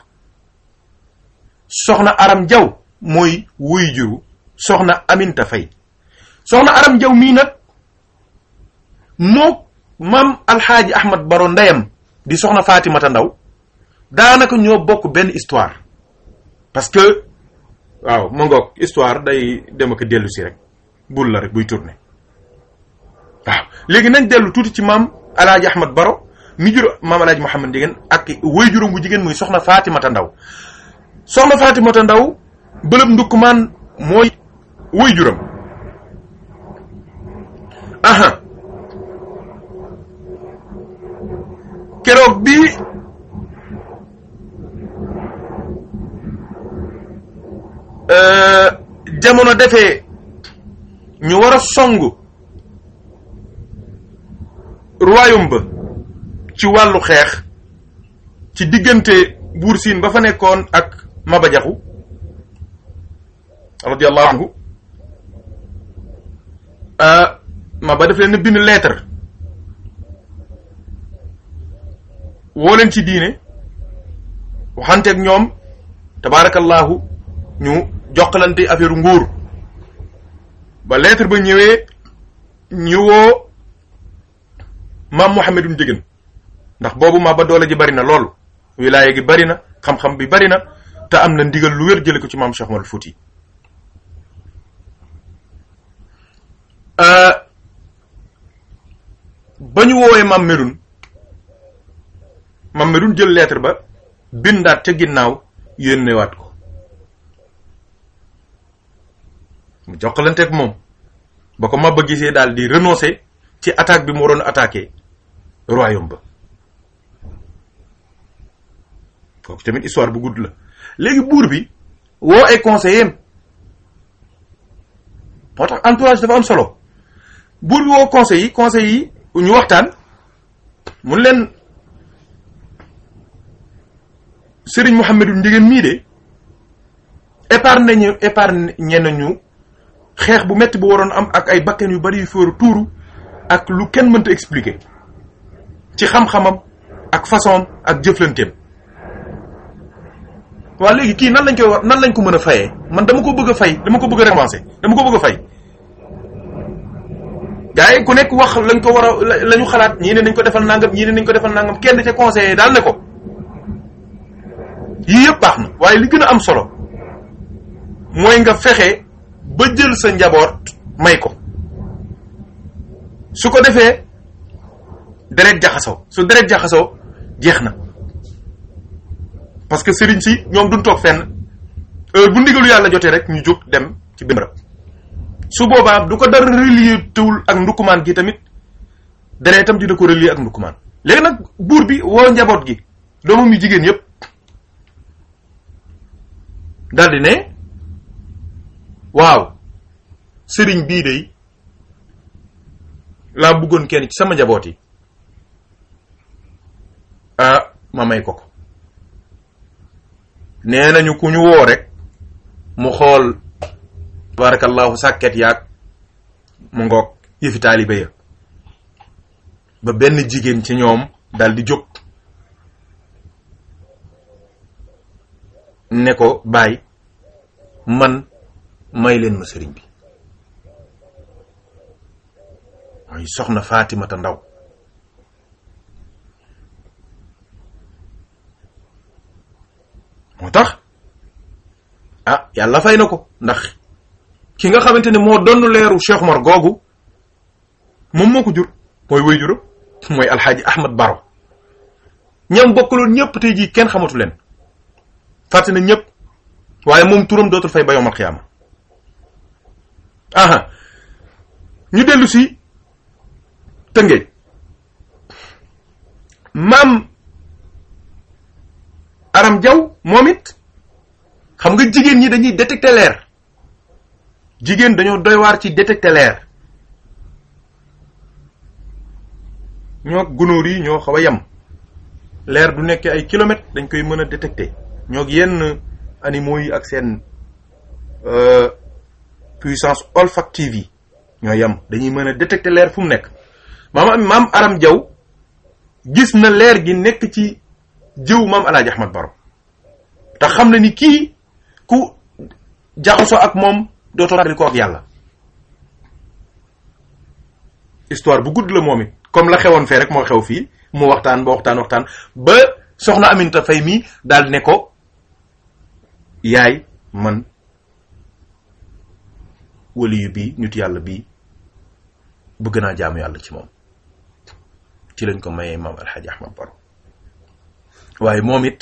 soxna aram jaw mooy wuy juru soxna Aminata Fay soxna aram jaw mii nag mook maam alxaaji ahmad baro ndeyam di soxna faatimata ndaw daanaka ñoo bokk benn histoire parce que waaw ma ngoog histoire day dem ak dellu si rek bul la rek buy tourner waaw léegi nañ dellu tuuti ci maam alaaji ahmad baro mi jur maam alaaji muhammad jigéen ak way juróom bu jigéen muy soxna faatimata ndaw soxna faatimata ndaw bëlëb ndukkumaan mooy way juróom aha keroog bi eh, jamono defee ñu war a song royaume ba ci wàllu xeex ci diggante buur siin ba fa nekkoon ak Maba Jaxu radiyallahu anhu eh, pratiquement ba daf leen bind lettre woo leen ci diine waxanteeg ñoom tabaarakallaahu ñu jokkalante affaire nguur ba lettre ba ñëwee ñu woo maam Mouhamedou Ndiéguène ndax boobu ma ba doole ji bari na lool wilaaya gi bari na xam-xam bi bari na te am na ndigal lu wér jële ko ci maam Cheikh Oumar Fouti euh, ba ñu woowee Mam Medoune Mam Medoune jël lettre ba bindaat ca ginnaaw yónneewaat ko mu jokkalanteeg moom ba ko Maba gisee daal di renoncer ci attaque bi mu waroon attaquer royaume ba kooku tamit histoire bu gudd la léegi buur bi woo ay conseillers moo tax entourage dafa am solo buur bi woo conseil yi conseil yi ñu waxtaan mu leen Serigne Mouhamadou Ndieguène mii de épargne ñu na ñu xeex bu metti bu waroon am ak ay bakkan yu bari yu fóoru tuuru ak lu kenn mënta expliquer ci xam-xamam ak façon ak jëflanteem waa léegi kii nan lañ koy war nan lañ ko mën a fayee man dama ko bëgg a fay dama ko bëgg a récompenser dama ko bëgg a fay gaa ku nekk wax lañ ko war a la ñu xalaat ñii ne nañ ko defal nangam ñii ne nañ ko defal nangam kenn ca conseiller daal ne ko yii yëpp baax na waaye li gën a am solo mooy nga fexe ba jël sa njaboot may ko su ko defee deret jaxasoo su deret jaxasoo jeex na parce que sëriñ si ñoom duñ toog fenn bu ndigalu yàlla jotee rek ñu jóg dem ci benn su boobaa du ko dara relier tewul ak ndukkumaan gi tamit tam dina ko relier ak ndukkumaan léegi nag buur bi woo njaboot gi doomam yu jigéen yépp daldi ne waaw sëriñ bii day laa bëggoon kenn ci sama njaboot yi ah ma may ko ko nee nañu ku ñu woo rek mu xool tabarakallahu sàkket yaag mu ngoog yëfi taalibe ya ba benn jigéen ci ñoom daldi jóg ne ko bàyyi man may leen ma sëriñ bi mooy soxna Faatimata Ndaw moo tax ah yàlla fay na ko ndax ki nga xamante ne moo donn leeru Cheikh googu moom moo ko jur mooy way mooy alxaaji Ahmad Baro ñam bokkaloon ñëpp tey jii kenn xamatu leen fàtte na ñëpp waaye moom turam dootul fay ba yawmal aha ñu dellu si tëngeej maam aram jaw moom it xam nga jigéen ñi dañuy détecter leer jigéen dañoo doy ci détecter leer ñoo gunóor yi ñoo xaw a yem leer du nekkee ay kilomètres dañ koy mën a détecter ñoo yenn animaux yi ak seen euh, puissance olfactive yi ñoo yam dañuy mën a détecter leer fu mu nekk maam maam Jaw gis na leer gi nekk ci jiw maam Alaaji Ahmad Baro te xam na ni kii ku jaxasoo ak moom dootoo tàggali ko ak yàlla histoire bu gudd la moom it comme la xewoon fee rek moo xew fii mu waxtaan ba waxtaan waxtaan ba soxna Aminta Fay mii daal ne ko yaay man waliyu bii nit yàlla bii bëgg naa jaamu yàlla ci moom ci lañ ko mayee maam alxaaji ahmad baro waaye moom it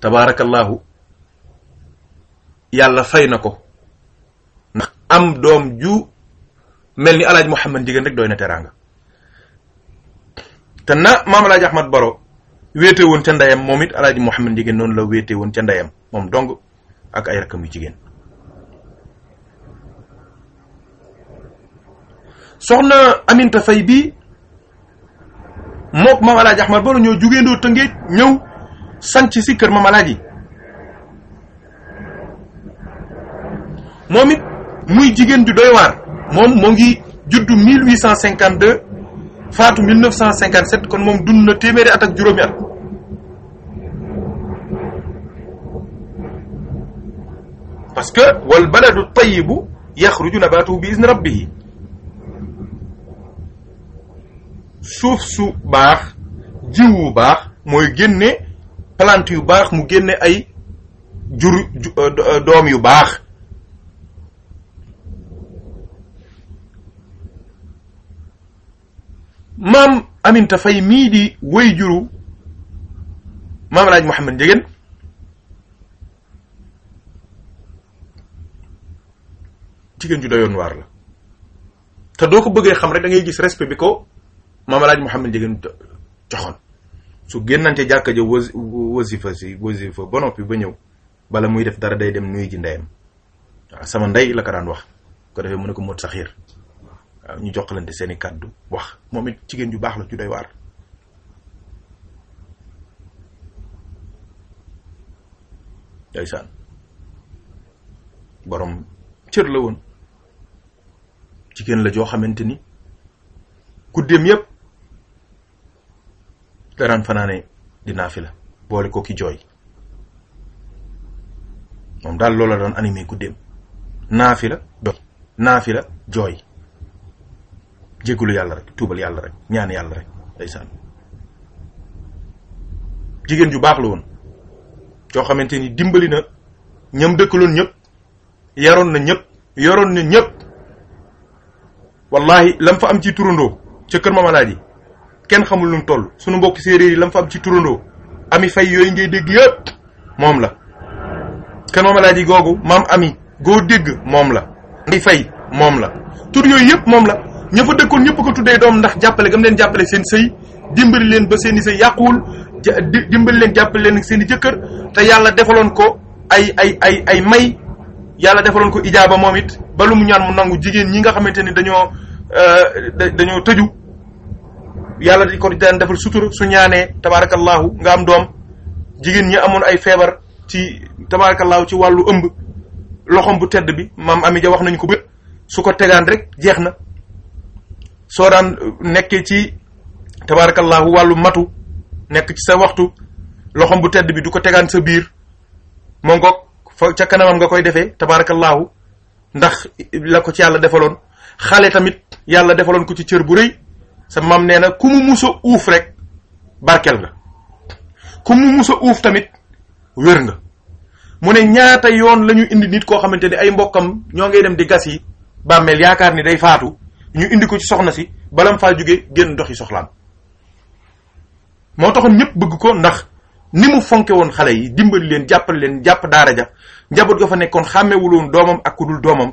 tabaarakallahu yàlla fay na ko am doom ju mel ni alaaj Mouhamed Ndiéguène rek doy na teraanga te na maam alaaj Ahmad Baro wéete woon ca ndeyam moom it alaaj Mouhamed Ndiéguène noonu la wéete woon ca ndeyam moom dong ak ay rakkam yu jigéen soxna Aminta Fay bi mook maam alaaj Ahmad Baro ñoo jugéendoo Tëngéej ñëw sanc si kër maam alaaj moom it muy jigéen ju doy waar moom moo ngi juddu 1852 faatu 1957 kon moom dund na téeméeri at ak juróomi at parce que wal baladu tayibu yaxruju nabaatuhu bi izni rabbihi suuf su baax jiw wu baax mooy génne plante yu baax mu génne ay jur euh, euh, doom yu baax maam Aminta Fay mii di way juru maam laaj Mouhamad Ndiéguène jigéen ju yoon waar la te doo ko bëggee xam rek da ngay gis respect bi ko maam laaj Mouhamad Ndiéguène joxoon su génnante jàkka ja wasi wasifa si wasifa ba noppi ba ñëw bala muy def dara day dem nuyu ji ndeyam waaw sama ndey la ko daan wax ko defee mu ne ko mot sa ñu jokkalante seeni i kàddu wax moom it jigéen ju baax la ju doy waar. ndeysaan boroom cër la woon jigéen la joo xamante ni guddeem yépp daraan fanaane dinaa fi la boole ko ki jooy moom daal loola doon animé guddeem naa fi la jooy naa la jooy jégalu yàlla rek tuubal yàlla rek ñaan yàlla rek ndeysaan jigéen ju baax la woon coo xamante ni dimbali na ñam dëkkaloon ñëpp yaroon na ñëpp yoroon na ñëpp wallahi lam fa am ci turandoo ca kër mamalaaji kenn xamul lum mu toll sunu mbokk séeréer yi lam fa am ci turandoo ami fay yooyu ngay dégg yëpp moom la kër mamalaaji googu maam ami goo dégg moom la ami fay moom la tur yooyu yëpp moom la ña fa dëkkoon ñëpp ko tuddee doom ndax jàppale gam leen jàppale seen sëy dimbali leen ba seen i sëy yàquwul dimbali leen jàppale leen seen i jëkkër te yàlla defaloon ko ay ay ay ay may yàlla defaloon ko ijaaba moom it ba lu mu ñaan mu nangu jigéen ñi nga xamante ni dañoo euh, dañoo tëju yàlla di ko daan defal sutur su ñaanee tabaarakallaahu nga am doom jigéen ñi amoon ay feebar ci tabaarakallaahu ci wàllu ëmb loxoom bu tedd bi maam ami ja wax nañ ko bu su ko tegaan rek jeex na soo daan nekkee ci tabarakallahu wàllu matu nekk ci sa waxtu loxom bu tedd bi du ko tegaan sa biir moo ngoog ca kanamam nga koy defee tabarakallahu ndax la ko ci yàlla defaloon xale tamit yàlla defaloon ko ci cër bu rëy sa maam nee na ku mu mus uuf rek barkeel nga ku mu mus uuf tamit wér nga mu ne ñaata yoon la ñu indi nit koo xamante ni ay mbokkam ñoo ngay dem di gas yi bàmmeel yaakaar ni day faatu ñu indi ko ci soxna si balam fa jóge génn yi soxlaam moo taxoon ñëpp bëgg ko ndax ni mu fonke woon xale yi dimbali leen jàppale leen jàpp daara ja njaboot ga fa nekkoon xàmmewuloon doomam ak ku dul doomam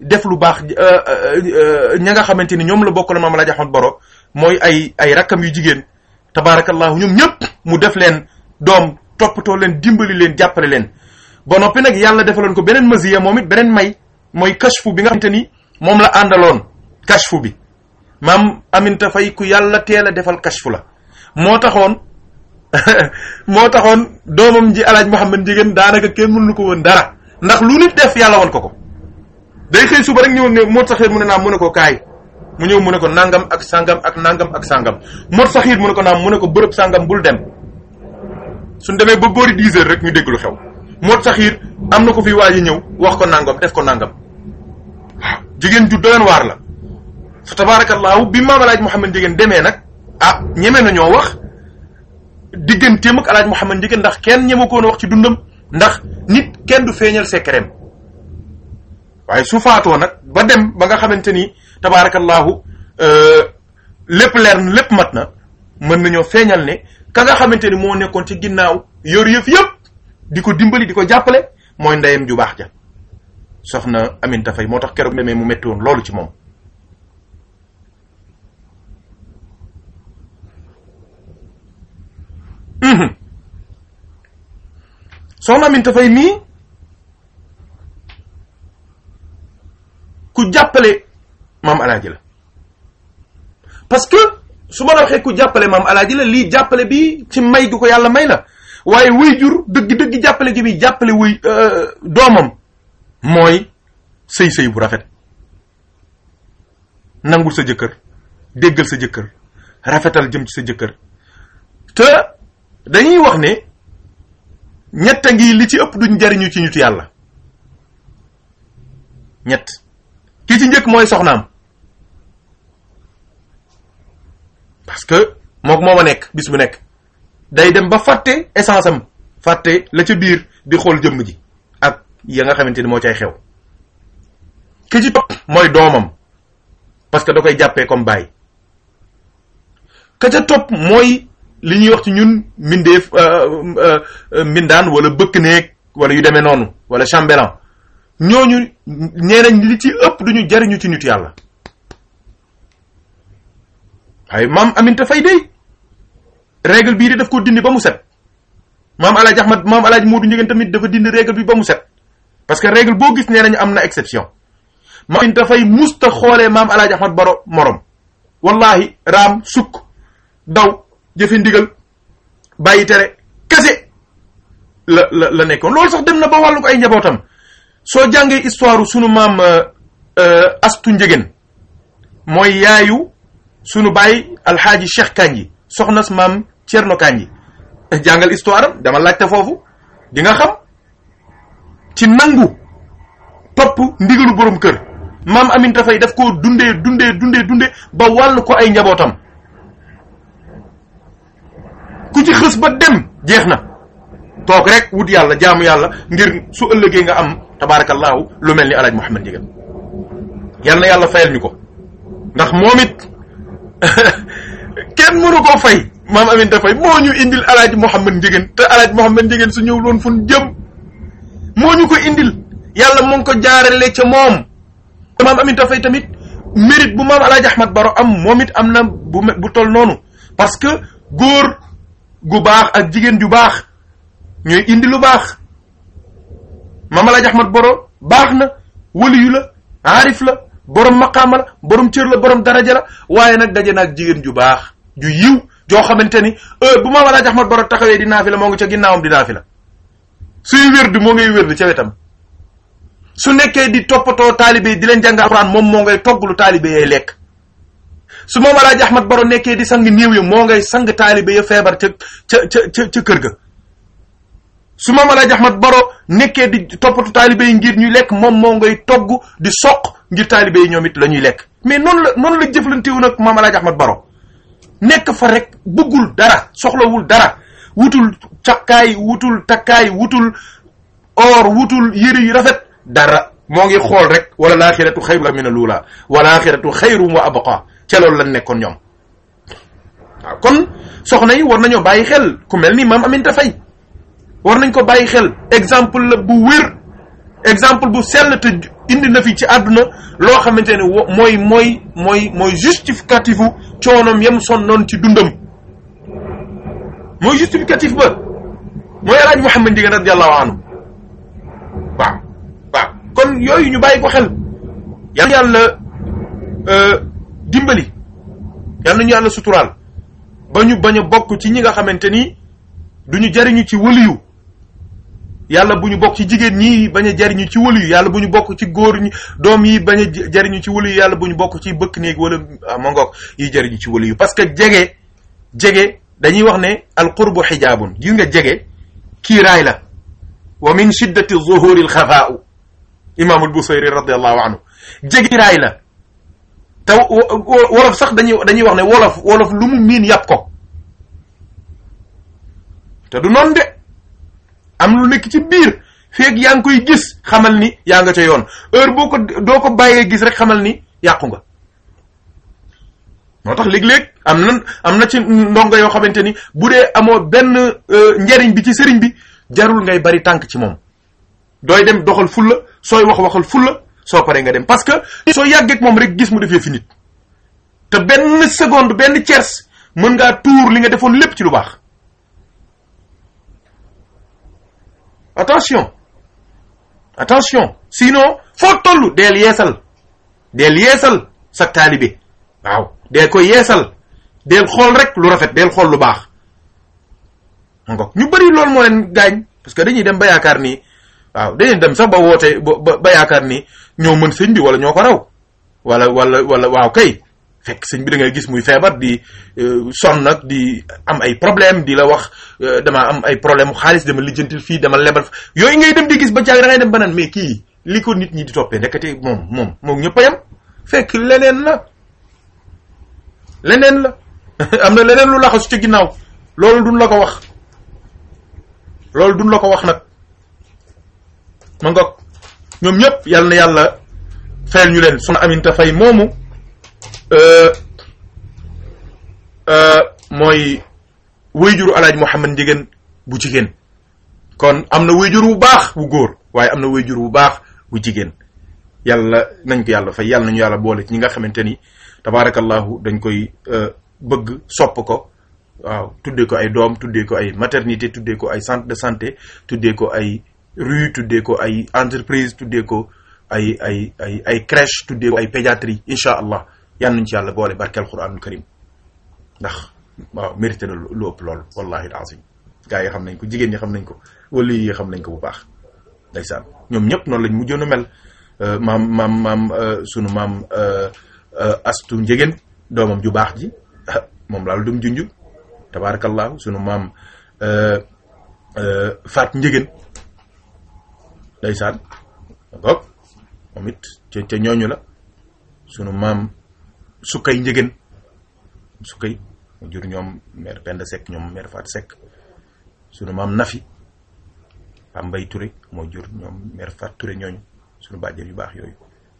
def lu baax euh, euh, euh, ña nga xamante ni ñoom la bokk la maam la jaxoon boro mooy ay ay rakkam yu jigéen tabaarakallahu ñoom ñëpp mu def leen doom toppatoo leen dimbali leen jàppale leen ba noppi nag yàlla defaloon ko beneen masiya moom it beneen may mooy kashfu bi nga xamante ni moom la àndaloon kashfu bi maam aminta fay ku yàlla teel a defal kashfu la moo taxoon [laughs] moo taxoon doomam ji alaaj Mouhamed Ndiéguène daanaka kenn mënu ko woon dara ndax lu nit def yàlla woon ko ko day xëy suba rek ñëw ne moo taxit mu ne naa mu ne ko kaay mu ñëw mu ne ko nangam ak sangam ak nangam ak sangam moo saxiir mu ne ko naam mu ne ko bërëb sangam bul dem suñ demee ba boori 10 rek ñu dégg lu xew moo saxiir am na ko fi waa ñëw wax ko nangam def ko nangam waaw jigéen ju doyoon waar la. fa tabaarakallaahu bi maam alaaj Mouhamed Ndiéguène demee nag ah ñeme na ñoo wax digganteem ak alaaj Mouhamed Ndiéguène ndax kenn ñeme koon woon wax ci dundam ndax nit kenn du feeñal secret waaye su faatoo nag ba dem ba nga xamante ni tabaarakallaahu euh, lépp leer na lépp mat na mën nañoo feeñal ne ka nga xamante ni moo nekkoon ci ginnaaw yor yëf yëpp di ko dimbali di ko jàppale mooy ndeyam ju baax ja soxna Aminta Faye moo tax keroog demee mu métti woon loolu ci moom. Mhm. soxna Aminta Faye mii ku jàppale maam alaaji la parce que su ma la waxee ku jàppale maam alaaji la lii jàppale bi ci may gi ko yàlla may la waaye wuy jur dëgg-dëgg jàppale gi bi jàppale wuy euh, doomam mooy sëy-sëy bu rafet nangul sa jëkkër déggal sa jëkkër rafetal jëm ci sa jëkkër te dañuy wax ne ñett a ngi li ci ëpp duñ jariñu ci nit yàlla ñett ki ci njëkk mooy soxnaam parce que moom mooma nekk bis bu nekk day dem ba fàtte essence am fàtte la ca biir di xool jëmm ji ak ya nga xamante ni moo cay xew ki ci topp mooy doomam parce que da koy jàppee comme bàyyi ka ca topp mooy li ñuy wax ci ñun mbindeef euh, euh, euh, mbindaan wala bëkk néeg wala yu demee noonu wala chambellan ñooñu nee nañ li ci ëpp duñu jariñu ci nit yàlla waaye maam Aminta Fay dey règle bii de daf ko dindi ba mu set maam alaaj Ahmad maam alaaj Moodu Njëgeen tamit dafa dindi règle bi ba mu set parce que règle boo gis nee nañu am na exception maam Aminta Fay musta xoolee maam alaaj Ahmad Baro morom wallahi raam sukk daw jëfe ndigal bàyyi tere kese la la la nekkoon loolu sax dem na ba wàllu ko ay njabootam soo jàngee histoire sunu maam euh, euh, astu njëgeen mooy yaayu sunu baay alxaaji Cheikh Kanji soxna maam Cerno Kanji [laughs] jàngal histoire am dama laajte foofu di nga xam ci nangu topp ndigalu boroom kër maam Amin dafay def ko dundee dundee dundee dundee ba wàll ko ay njabootam ku ci xës ba dem jeex na toog rek wut yàlla jaamu yàlla ngir su ëllëgee nga am tabaarakallaahu lu mel ni alaaj Mouhamed Ndiéguène yal yàlla fayal ñu ko ndax moom it [laughs] kenn mënu koo fay maam amin dafay moo ñu indil alaaj Mouhamed Ndiéguène te alaaj Mouhamed Ndiéguène su ñëw loon fun jëm moo ñu ko indil yàlla mu ngi ko jaarale ca moom maam amin dafay tamit mérite bu maam alaaj Ahmad Baro am moom it am na bu bu tol noonu parce que góor gu baax ak jigéen ju baax ñooy indi lu baax Mame El Hadji Ahmed Boro baax na waliyu la aarif la borom maqaama la borom cër la borom daraja la waaye nag daje naag jigéen ju baax ju yiw joo xamante ni heure bu Mame El Hadji Ahmed Boro taxawee di naafi la moo ngi ca ginnaawam di naafi la suy moom moo ngay wérdu ca wetam su nekkee di toppatoo taalibe yi di leen jàngal alxuraan moom moo ngay lu taalibe yee lekk su moom alaaji ahmad baro nekkee di sang néew ya moo ngay sang taalibe ya feebar ca ca ca ca kër ga su moom alaaji ahmad baro nekkee di toppatu taalibe yi ngir ñuy lekk moom moo ngay togg di soq ngir taalibe yi ñoom it la ñuy lekk mais noon la noonu la jëflantewu nag moom alaaji ahmad baro nekk fa rek bëggul dara soxlawul dara wutul cakkaay wutul takkaay wutul or wutul yëre yu rafet dara moo ngir xool rek wala laaxiratu xayru mina luula wala laaxiratu xayru wa abqa ca loolu lañ nekkoon ñoom waaw kon soxna yi war nañoo bàyyi xel ku mel ni maam Aminta Faye war nañ ko bàyyi xel exemple la bu wér exemple bu sell te indi na fi ci àdduna loo xamante ne mooy mooy mooy mooy justificatif u coonom yam sonnoon ci dundam mooy justificatif ba mooy alaaj Muhammad Ndiéguène radiyallahu anhu waaw waaw kon yooyu ñu bàyyi ko xel yàlla euh, dimbali yal nañu yàlla suturaal ba ñu bañ a bokk ci ñi nga xamante ni duñu jariñu ci wëliyu yàlla bu ñu bokk ci jigéen ñi bañ a jariñu ci wëliyu yàlla bu ñu bokk ci góor ñi doom yi bañ jariñu ci wëliyu yàlla bu ñu bokk ci bëkk néeg wala ah, mangook yi jariñu ci wëliyu parce que jege jege dañuy wax ne al qurbu xijaabun gis nga jege kiiraay la wa min shiddati zuhuri al xafaau imaamul busayri radiallahu anhu jege raay la te wolof sax dañuy dañuy wax ne wolof wolof lu mu miin yàpp ko te du noonu de am lu nekk ci biir feeg yaa ngi koy gis xamal ni yaa nga ca yoon heure boo ko doo ko bàyyee gis rek xamal ni yàqu nga moo tax léeg-léeg am na am na ci ndongo yoo xamante ni bu dee amoo benn euh, njariñ bi ci sëriñ bi jarul ngay bari tànk ci moom dooy dem doxal fulla sooy wax waxal fulla soo paree nga dem parce que soo yàggeek moom rek gis mu defee fi nit te benn seconde benn tiers mën ngaa tuur li nga defoon lépp ci lu baax attention attention sinon foo toll deel yeesal deel yeesal sa taalibe waaw deel koy yeesal deel xool rek lu rafet deel xool lu baax ngo ñu bari loolu moo leen gaañ parce que dañuy dem ba yaakaar nii waaw dañuy dem sax ba woote ba ba yaakaar nii ñoo mën sëñ bi wala ñoo ko raw wala wala wala waaw kay fekk sëñ bi da ngay gis muy feebar di euh, sonn nag di am ay problème di la wax euh, dama am ay problème xaalis dama lijjantil fii dama lebal yooyu ngay dem di gis ba caag da ngay dem ba naan kii li ko nit ñi di toppee ndekete moom moom moo ñëpp a yem fekk leneen la leneen la [laughs] am na leneen lu laxasu ci ginnaaw loolu duñ la ko wax loolu duñ la ko wax nag ñoom ñëpp yal na yàlla fayal ñu leen soxna Aminta Faye moomu euh, euh, mooy wéyjuru alaaj Mouhamad Ndiéguène bu jigéen kon am na wéyjur bu baax bu góor waaye am na wéyjur bu baax bu jigéen yàlla nañ ko yàlla fay yàlla nañu yàlla boole ñi nga xamante ni tabaarakallahu dañ koy euh, bëgg sopp ko waaw tuddee ko ay doom tuddee ko ay maternité tuddee ko ay centre de santé tuddee ko ay rue tuddee ko ay entreprise tuddee ko ay ay ay ay crèche tuddee ko ay pédiatrie incha allah yal nañu ci yàlla boole barkeel quranul karim ndax waaw mérité na lu ëpp loolu wallahi alazim gars yi xam nañ ko jigéen ñi xam nañ ko wala yi xam nañ ko bu baax ndeysaan ñoom ñëpp noonu lañ mu a mel euh, maam maam maam euh, sunu maam euh, astu njegéen doomam ju baax ji [laughs] moom laal dum junju tabarakallahu sunu maam faat njegéen ndeysaan goog moom it ca ca ñooñu la sunu maam sukkay njëgën sukkay mu jur ñoom mère Penda Seck ñoom mère Faat Seck sunu maam Nafi am mbay Touré moo jur ñoom mère Faat Touré ñooñu sunu bàjjen yu baax yooyu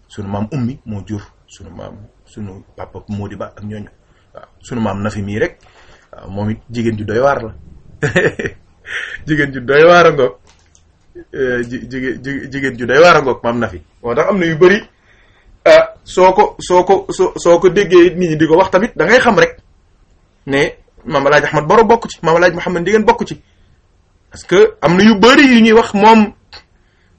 sunu maam ummi moo jur sunu maam sunu papa Mody Ba ak ñooñu waaw sunu maam Nafi mii rek waaw moom it jigéen ju doy waar la [laughs] jigéen ju doy waar a ngoog Eh, jigéen jigéen ju day waar a ngoog maam na fi moo tax am na yu bëri ah, soo ko soo ko soo soo ko déggee it di ko wax tamit da ngay xam rek ne maam alaaj ahmad boro bokku ci maam alaaj muhammad Ndieguene bokk ci parce que am na yu bëri yu ñuy wax moom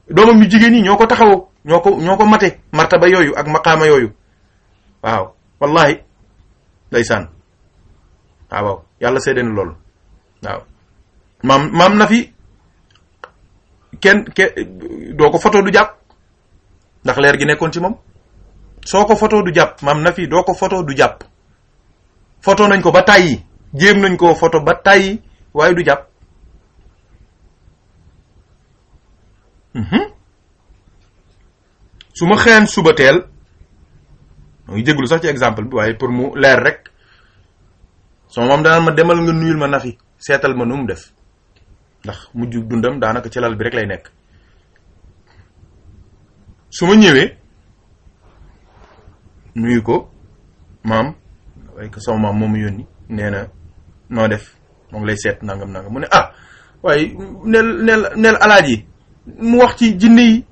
doomam yu jigéen ñi ñoo ko taxawoo ñoo ko ñoo ko mate martaba yooyu ak maqaama yooyu waaw wallahi ndeysaan waaw waaw yàlla seede loolu waaw maam maam na kenn kenn doo ko photo du jàpp ndax leer gi nekkoon ci moom soo ko photo du jàpp maam na fii doo ko photo du jàpp photo nañ ko ba tàyyi jéem nañ koo photo ba tàyyi waaye du jàpp mhm. su ma xeen suba teel ma ngi jéglu sax ci exemple bi waaye pour mu leer rek sama maam daan ma demal nga nuyul ma nafi seetal ma nu mu def ndax mu mujj dundam daanaka ci lal bi rek lay nekk su ma ñëwee nuyu ko maam waaye que sama maam moomu yónni nee na noo def moom lay seet nangam nangam mu ne ah waaye neel neel neel alaaj yi mu wax ci jinne yi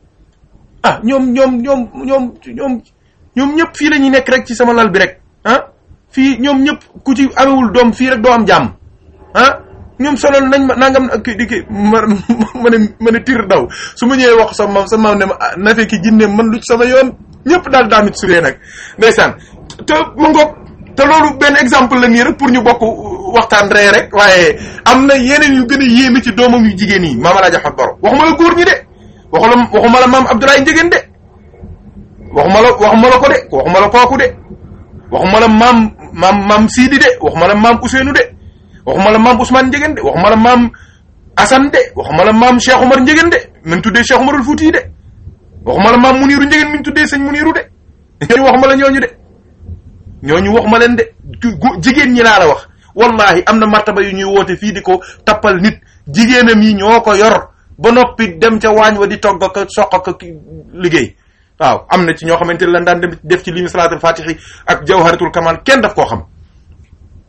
ah ñoom ñoom ñoom ñoom ñoom ñëpp fii la ñuy nekk rek ci sama lal bi rek ah? fii ñoom ñëpp ku ci amewul doom fii rek doo am jàmm ah? ñoom solol nañ ma nangam ak kii di kii [laughs] ne ma tir daw su ma ñëwee wax sama maam sama maam ne ma ah, na fekki jinne man lu sama yoon ñëpp daal daamit suree nag ndeysaan te mu ngoog te loolu benn exemple la nii rek pour ñu bokk waxtaan ree rek waaye am na yeneen yu gën a yéeme ci doomam yu jigéen yi maam Alaaji Ahmad Baro waxuma la góor ñi de wax la waxuma la maam Abdoulaye Njëgeen de waxuma la waxuma la ko de wax mala kooku de waxuma la maam maam maam Sidi de waxuma la maam Ousseynou de waxuma la maam Ousmane Ndiéguène de waxuma la maam Assane de waxuma maam Cheikh Omar Ndiéguène de min tuddee Cheikh Omarul Fuuti de waxuma la maam Muniru njegeen min tuddee sëñ Muniru de ñooñu waxuma la ñooñu de ñooñu waxuma leen de jigéen ñi laa la wax wallahi am na martaba yu ñuy woote fii di ko tappal nit jigéenam yi ñoo ko yor ba noppi dem ca waañ wa di togg ak soq ak liggéey waaw am na ci ñoo xamante ne lan daan def ci li mi salaatul fatihi ak jawharatul kamal kenn daf koo xam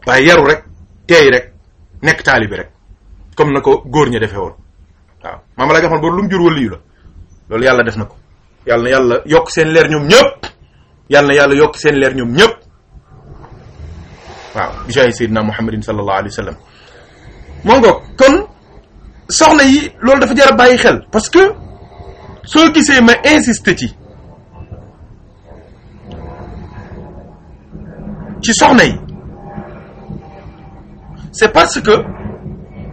waaye yaru rek teey rek nekk taalibi rek comme na ko góor ñi defee woon waaw maama la joxoon bor lu mu jur waliyu loolu yàlla def na ko yàlla yàlla yokk seen leer ñoom ñëpp yàlla yàlla yokk seen leer ñoom ñëpp waaw bi jaay sayyidina muhammadin sallallahu alayhi wa sallam moo ngoog kon soxna yi loolu dafa jar bàyyi xel parce que soo gisee ma insisté ci ci soxna yi c'est parce que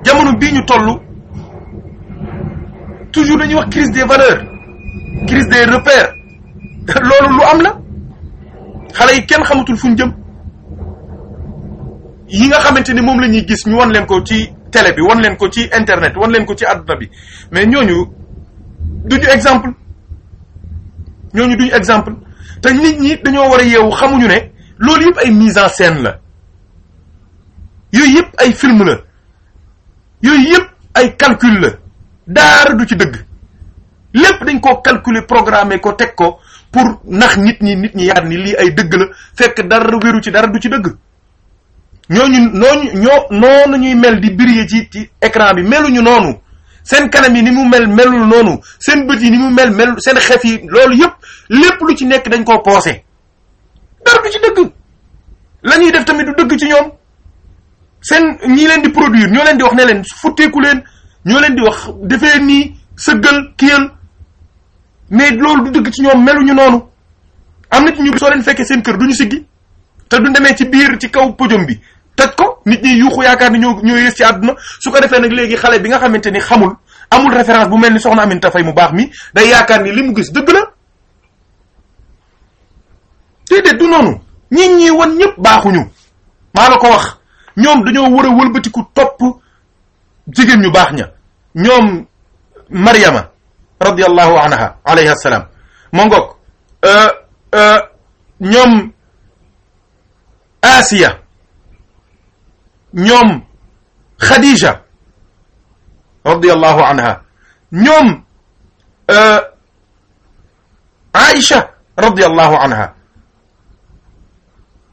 jamono bii ñu toll toujours dañuy wax crise des valeurs crise des repères [laughs] loolu lu am la xale yi kenn xamatul fu ñu jëm yi nga xamante ni moom la ñuy gis ñu wan leen ko ci télé bi wan leen ko ci internet wan leen ko ci àdduna bi mais ñooñu duñu exemple ñooñu duñu exemple te nit ñi dañoo war a yeewu xamuñu ne loolu yëpp ay mise en scène la yooyu yëpp ay film la yooyu yëpp ay calcul la daara du ci dëgg lépp dañ koo calculer programmer ko teg ko pour nax nit ñi nit ñi yaar ni lii ay dëgg la fekk dara wéru ci dara du ci dëgg ñooñu nooñu noonu mel di briller ci ci écran bi meluñu noonu seen kanam yi ni mu mel melu noonu seen bët yi ni mu mel mel seen xef yi loolu yëpp lépp lu ci nekk dañ koo poosé dara du ci dëgg la def tamit du dëgg ci ñoom seen ñii leen di produire ñoo leen di wax ne leen futteeku leen ñoo leen di wax defee nii sëggal kiyal mais loolu du dëgg ci ñoom meluñu noonu am na ci ñu soo leen fekkee seen kër duñu siggi te du demee ci biir ci kaw podium bi toj ko nit ñi yuuxu yaakaar ni ñoo ñoo yées ci àdduna su ko defee nag léegi xale bi nga xamante ni xamul amul référence bu mel ni soxna Aminta Faye mu baax mi day yaakaar ni li mu gis dëgg la déedéet du noonu ñi ñi wan ñëpp baaxuñu ñoom dañoo war a wëlbatiku topp jigéen ñu baax ña ñoom Maryama radiyallahu anha alayha salaam moo ngoog euh, euh, ñoom Asiya ñoom Khadija radiyallahu anha ñoom euh, Aïcha radiyallahu anha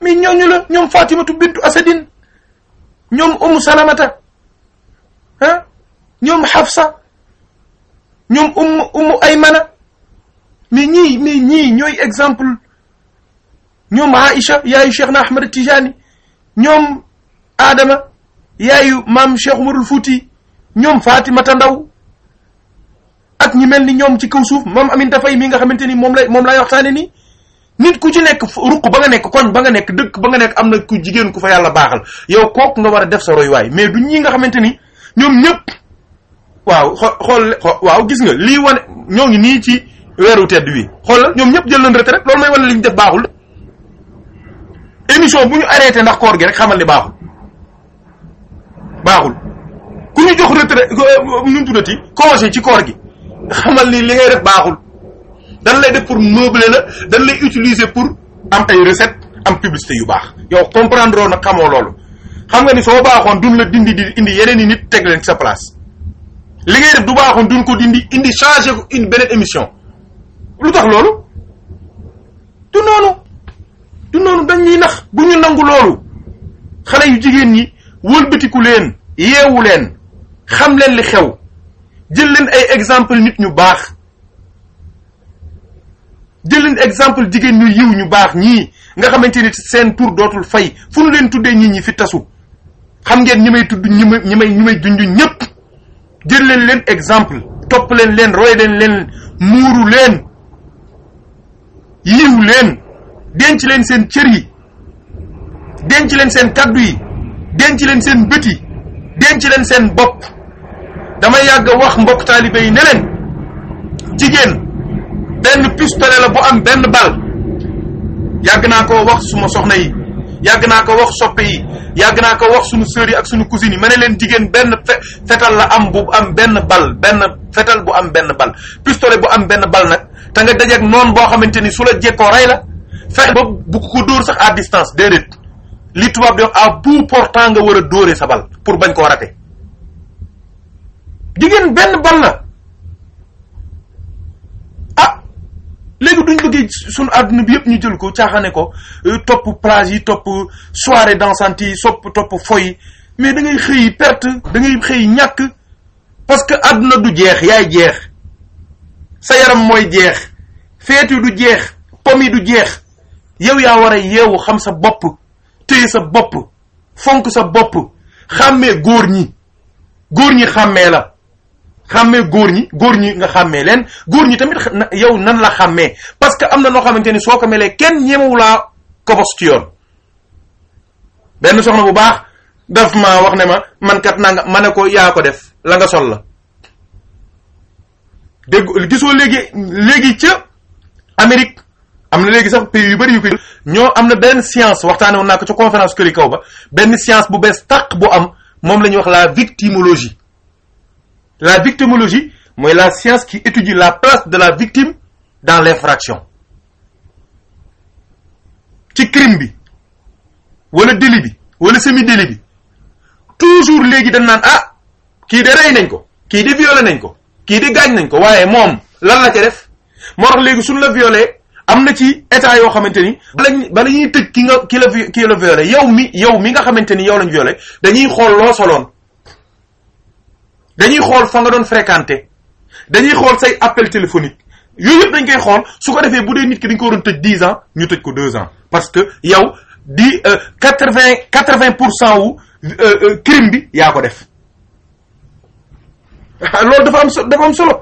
mais ñooñu la ñoom Fatimatu bintu Asadin ñoom umu salamata ah ñoom xafsa ñoom umu umu aymana mais ñii mais ñii ñooy exemple ñoom aïcha yaayu cheikh na ahmad tijani ñoom adama yayu maam cheikh umarul fuuti ñoom fatimata ndaw ak ñi mel ni ñoom ci kaw suuf moom amin dafay mi nga xamante ni moom lay moom lay nii nit ku ci nekk ruq ba nga nekk koñ ba nga nekk dëkk ba nga nekk am na ku jigéen ku fa yàlla baaxal yow kook nga war a def sa royuwaay mais du ñi nga xamante ni ñoom ñëpp waaw xo xool waaw gis nga li wane ñoo ngi nii ci weeru tedd wi xoolal ñoom ñëpp jël nañ retraite loolu may wane li ñu def baaxul émission bu ñu arrêté ndax koor gi rek xamal ni baaxul baaxul ku ñu jox retraite euh, nu mu tuddati congé ci koor gi xamal ni li ngay def baaxul. dañ lay def pour meubler la dañ lay utiliser pour am ay recette am publicité yu baax yow comprendre na loolu xam nga ni soo baaxoon duñ la dindi di indi yeneen i nit teg leen sa place li ngay def du baaxoon duñ ko dindi indi changé ko une beneen émission lu tax loolu du noonu du noonu dañ yi nax bu ñu nangu loolu xale yu jigéen ñi wëlbatiku leen yeewu leen xam leen li xew jël leen ay exemple nit ñu baax jël leen exemple jigéen ñu yiw ñu baax ñii nga xamante ni seen tur dootul fay fu nu leen tuddee ñii ñi fi tasu xam ngeen ñi may tudd ñi may ñi may ñi may ñëpp jël leen leen exemple topp leen leen roy leen leen muuru leen yiw leen denc leen seen cër yi denc leen seen kaddu yi denc leen seen bët yi denc leen seen bopp dama yàgg wax mbokk taalibe yi ne leen jigéen benn pistolet la bu am benn bal yàgg naa ko wax suma soxna yi yàgg naa ko wax soppe yi yàgg naa ko wax suñu sœurs yi ak suñu cousines yi ma leen jigéen benn fe fetal la am bu am benn bal benn fetal bu am benn bal pistolet bu am benn bal nag te nga dajeeg noonu boo xamante ni su la jekkoo rey la fexe ba bu ko dóor sax à distance déedéet li tubaab di wax à bout portant nga war a dóoree sa bal pour bañ koo rate jigéen benn bal la léegi duñ bëggee sunu àdduna bi yëpp ñu jël ko caaxaane ko euh, topp plage yi topp soirée dansante yi sopp topp foy mais da ngay xëy perte da xëy ñàkk parce que àdduna du jeex yaay jeex sa yaram mooy jeex feet yi du jeex pom yi du jeex yow yaa war yeewu xam sa bopp téye sa bopp fonk sa bopp xàmmee góor ñi góor ñi xàmmee la xàmmee góor ñi góor ñi nga xàmmee leen góor ñi tamit yow nan la xàmmee parce que am na noo xamante ni soo ko melee kenn ñemewulaa kobos ci yoon benn soxna bu baax daf wax ne ma man kat nanga ma ne ko yaa ko def la nga sol la dégg gisoo léegi léegi ca Amérique am na léegi sax pays yu bari yu ko ñoo am na benn science waxtaan woon naa ko ca conférence këri kaw ba benn science bu bees tàq bu am moom la ñuy wax la victimologie la victimologie mooy la science qui étudie la place de la victime dans l'infraction ci crime bi wala délit bi wala semi délit bi toujours léegi dañ naan ah kii de rey nañ ko kii de violé nañ ko kii de gaañ nañ ko waaye moom lan la ca def moo tax léegi suñu la violé am na ci état yoo xamante ni balañ bala ñuy tëj ki nga ki la ki la yow mi yow mi nga xamante ni yow lañu violé dañuy xool loo soloon dañuy xool fa nga doon fréquenté dañuy xool say appel téléphonique yooyu yëpp dañ koy xool su ko defee bu dee nit ki dañ ko waroon tëj dix ans ñu tëj ko deux ans parce que yow di euh, quatre vingt quatre vingt pour cent wu euh, euh, crime bi yaa ko def [laughs] loolu dafa am so dafa am solo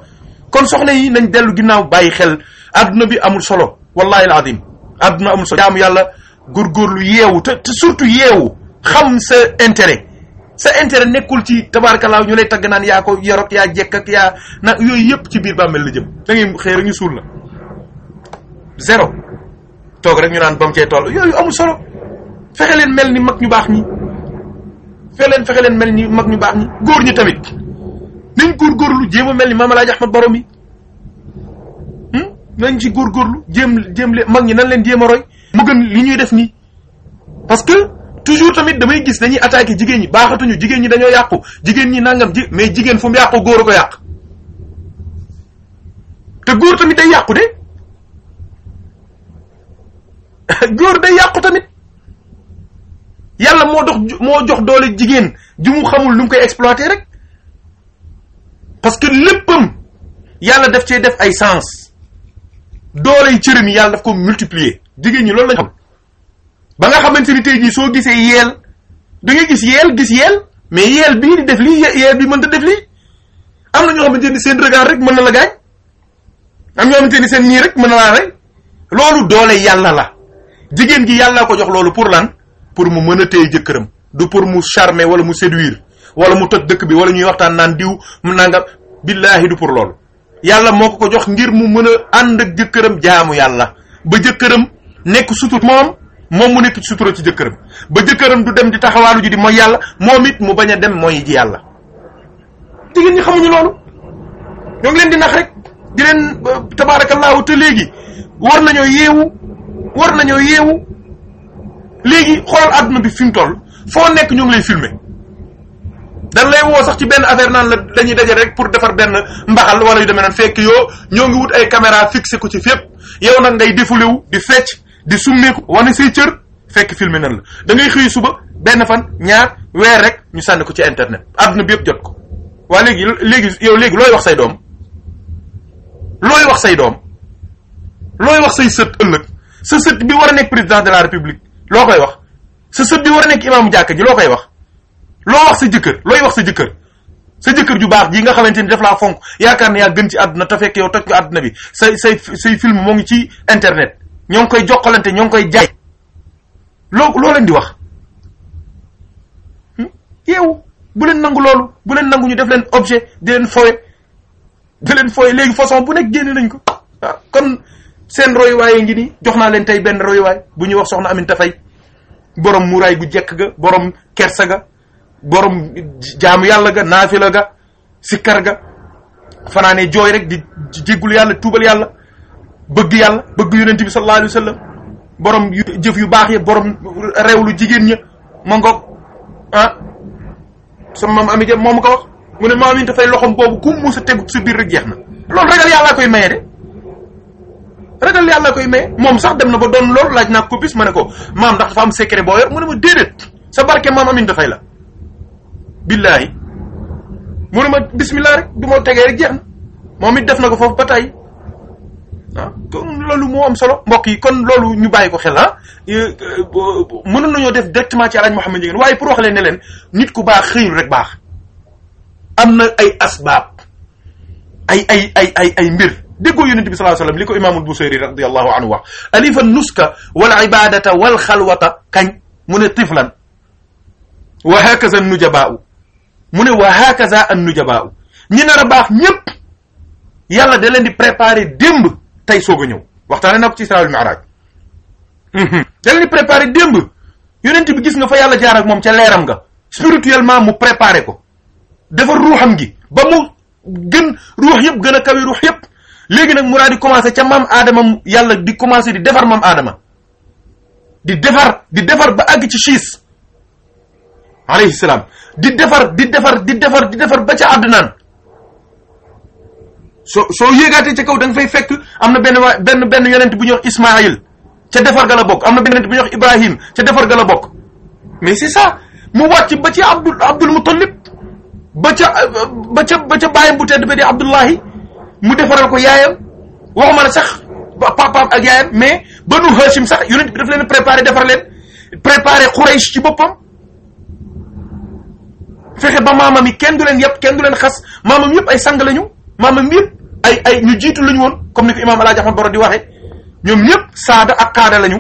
kon soxna yi nañ dellu ginnaaw bàyyi xel adduna bi amul solo wallahi alazim adduna amul solo jaamu yàlla góorgóorlu yeewu te surtout yeewu xam sa intérêt sa intérêt nekkul ci tabaarkalaaw ñu lay tagg naan yaa ko yorok yaa jekk ak yaa yooyu yëpp ci biir bàmmeel la jëm da ngay xëy rek ñu suur la zéro toog rek ñu naan ba mu cee toll yooyu amul solo fexe leen mel ni mag ñu baax ñi fexe mel ni mag ñu baax ñi góor ñi tamit nañ góorgóorlu jéem a mel ni Maam Alaaji Ahmad Borom yi hmm? nañ ci góorgóorlu jéem jéem leen mag ñi nan leen jéem a roy mu gën li ñuy def nii toujours tamit damay gis dañuy attaque jigéen ñi baaxatuñu jigéen ñi dañoo yàqu jigéen ñi nangam ji mais jigéen fu mu yàqu góor a ko yàq te góor tamit day yàqu de [laughs] góor day yàqu tamit yàlla moo dox moo jox doole jigéen ju mu xamul lu koy exploiter rek parce que léppam yàlla def cee def ay sens doole yi cëram yi yàlla daf ko multiplier jigéen ñi loolu nañu xam ba nga xamante ni tey jii soo gisee yeel da nga gis yeel gis yeel mais yeel bii di def lii yeel bi mënta def lii am na ñoo xamante ni seen regard rek mën na la gaañ am ñoo xamante ni seen nii rek mën na laa rek loolu doole yàlla la jigéen gi yàlla ko jox loolu pour lan pour mu mën a téye jëkkëram du pour mu charmer wala mu séduire wala mu toj dëkk bi wala ñuy waxtaan naan diw mu nangam billaahi du pour loolu yàlla moo ko ko jox ngir mu mën a ànd ak jëkkëram jaamu yàlla ba jëkkëram nekk sutur moom moom mu nekk ci sutura ci jëkkëram ba jëkkëram du dem di taxawaalu ji di mooy yàlla moom it mu bañ a dem mooy ji yàlla jigéen ñi xamuñu loolu ñoo ngi leen di nax rek di leen tabaarakallaahu te léegi war nañoo yeewu war nañoo yeewu léegi xoolal àdduna bi fi mu toll foo nekk ñu ngi lay filmer dan lay woo sax ci benn affaire naan la dañuy daje rek pour defar benn mbaxal wala yu demee naan fekk yoo ñoo ngi wut ay caméra fixé ko ci fépp yow nag ngay défulé wu di fecc di summeeku wane say cër fekk filmé nan la da ngay suba benn fan ñaar weer rek ñu sànni ko ci internet àdduna bi yëpp jot ko waa léegi léegi yow léegi looy wax say doom looy wax say doom looy wax say sët ëllëg sa sët bi war a nekk président de la république loo koy wax sa sët bi war a nekk imaamu jàkka ji loo koy wax loo wax sa jëkkër looy wax sa jëkkër sa jëkkër ju baax ji nga xamante ni daf laa fonk yaakaar ne yaa gën ci àdduna te fekk yow toj ko àdduna bi say say say film moo ngi ci internet ñoo ngi koy jokkalante ñoo ngi koy jaay loo loo leen di wax hmm? yow bu leen nangu loolu bu leen nangu ñu def leen objet di leen foye di leen foye léegi façon bu nekk génne nañ ko ah, kon seen royuwaay ngi nii jox naa leen tey benn royuwaay bu ñuy wax soxna Aminta Faye borom muraay gu jekk ga borom kersa ga borom jaamu yàlla ga naafila ga sikkar ga fanaanee jooy rek di jéggul yàlla tuubal yàlla bëgg yàlla bëgg yonent bi sallallahu alayhi wa sallam borom jëf yu baax yi borom réewlu jigéen ña ma ngoog ah sama maam Ami Diop moom ko wax mu ne maam yi dafay loxoom boobu ku mu sa tegu sa biir rek jeex na. loolu ragal yàllaa koy maye de ragal yàllaa koy maye moom sax dem na ba doon loolu laaj naa ko bis ma ne ko maam ndax dafa am secret boo yor mu ne ma déedéet sa barke maam Ami dafay la. billaahi mu ne ma bismillah rek du ma tegee rek jeex na def na ko foofu ba tey ah loolu moo am solo mbokk yi kon loolu ñu bàyyi ko xel ah eh, eh, mënoon nañoo def directement ci alaaj Mouhamed Ndieguene waaye pour wax leen ne leen nit ku baax xëyul rek baax am na ay asbaab ay ay ay ay ay mbir déggoo yonent bi sallallahu alayhi wasallam li ko imaamul Busayri radiyallahu anhu wax alifa nuska wal ibadata wal xalwata kañ mu ne tiflan wa hakaza nujabaa'u mu ne wa hakaza an nujabaa'u ñi nar a baax ñépp yàlla da leen di préparer démb tey soog a ñëw waxtaane naa ko ci israel miraaj mhm. da leen préparé démb yonent bi gis nga fa yàlla jaar ak moom ca leeram nga spirituellement mu préparé ko defar ruuxam gi ba mu gën ruux yëpp gën a kawi ruux yëpp léegi nag muraa di commencé ca maam aadama yàlla di commencé di defar maam aadama di defar di defar ba àgg ci siis alayhi di defar di defar di defar di defar ba ca àddunaan soo soo yéegaatee ca kaw da fay fekk am na benn waa benn benn yonent bu ñuy wax Ismaïl ca defar ga la bokk am na benn yonent bu ñuy wax Ibrahim ca defar ga la bokk mais c'est ça mu wàcc ba ci Abdul Abdul Muttalib ba ca ba ca ba ca bàyyam bu tedd ba di Abdullahi mu defaral ko yaayam waxuma la sax papaam ak yaayam mais banu Hashim sax yonent bi daf leen préparé defar leen préparé Quraysh ci boppam fexe ba maamam yi kenn du leen yëpp kenn du leen xas maamam yëpp ay sang lañu maamam yëpp ay ay ñu jiitu lañu woon comme ni ko imaam Alaaji Ahmad Baro di ñoom ñëpp saada ak kaada lañu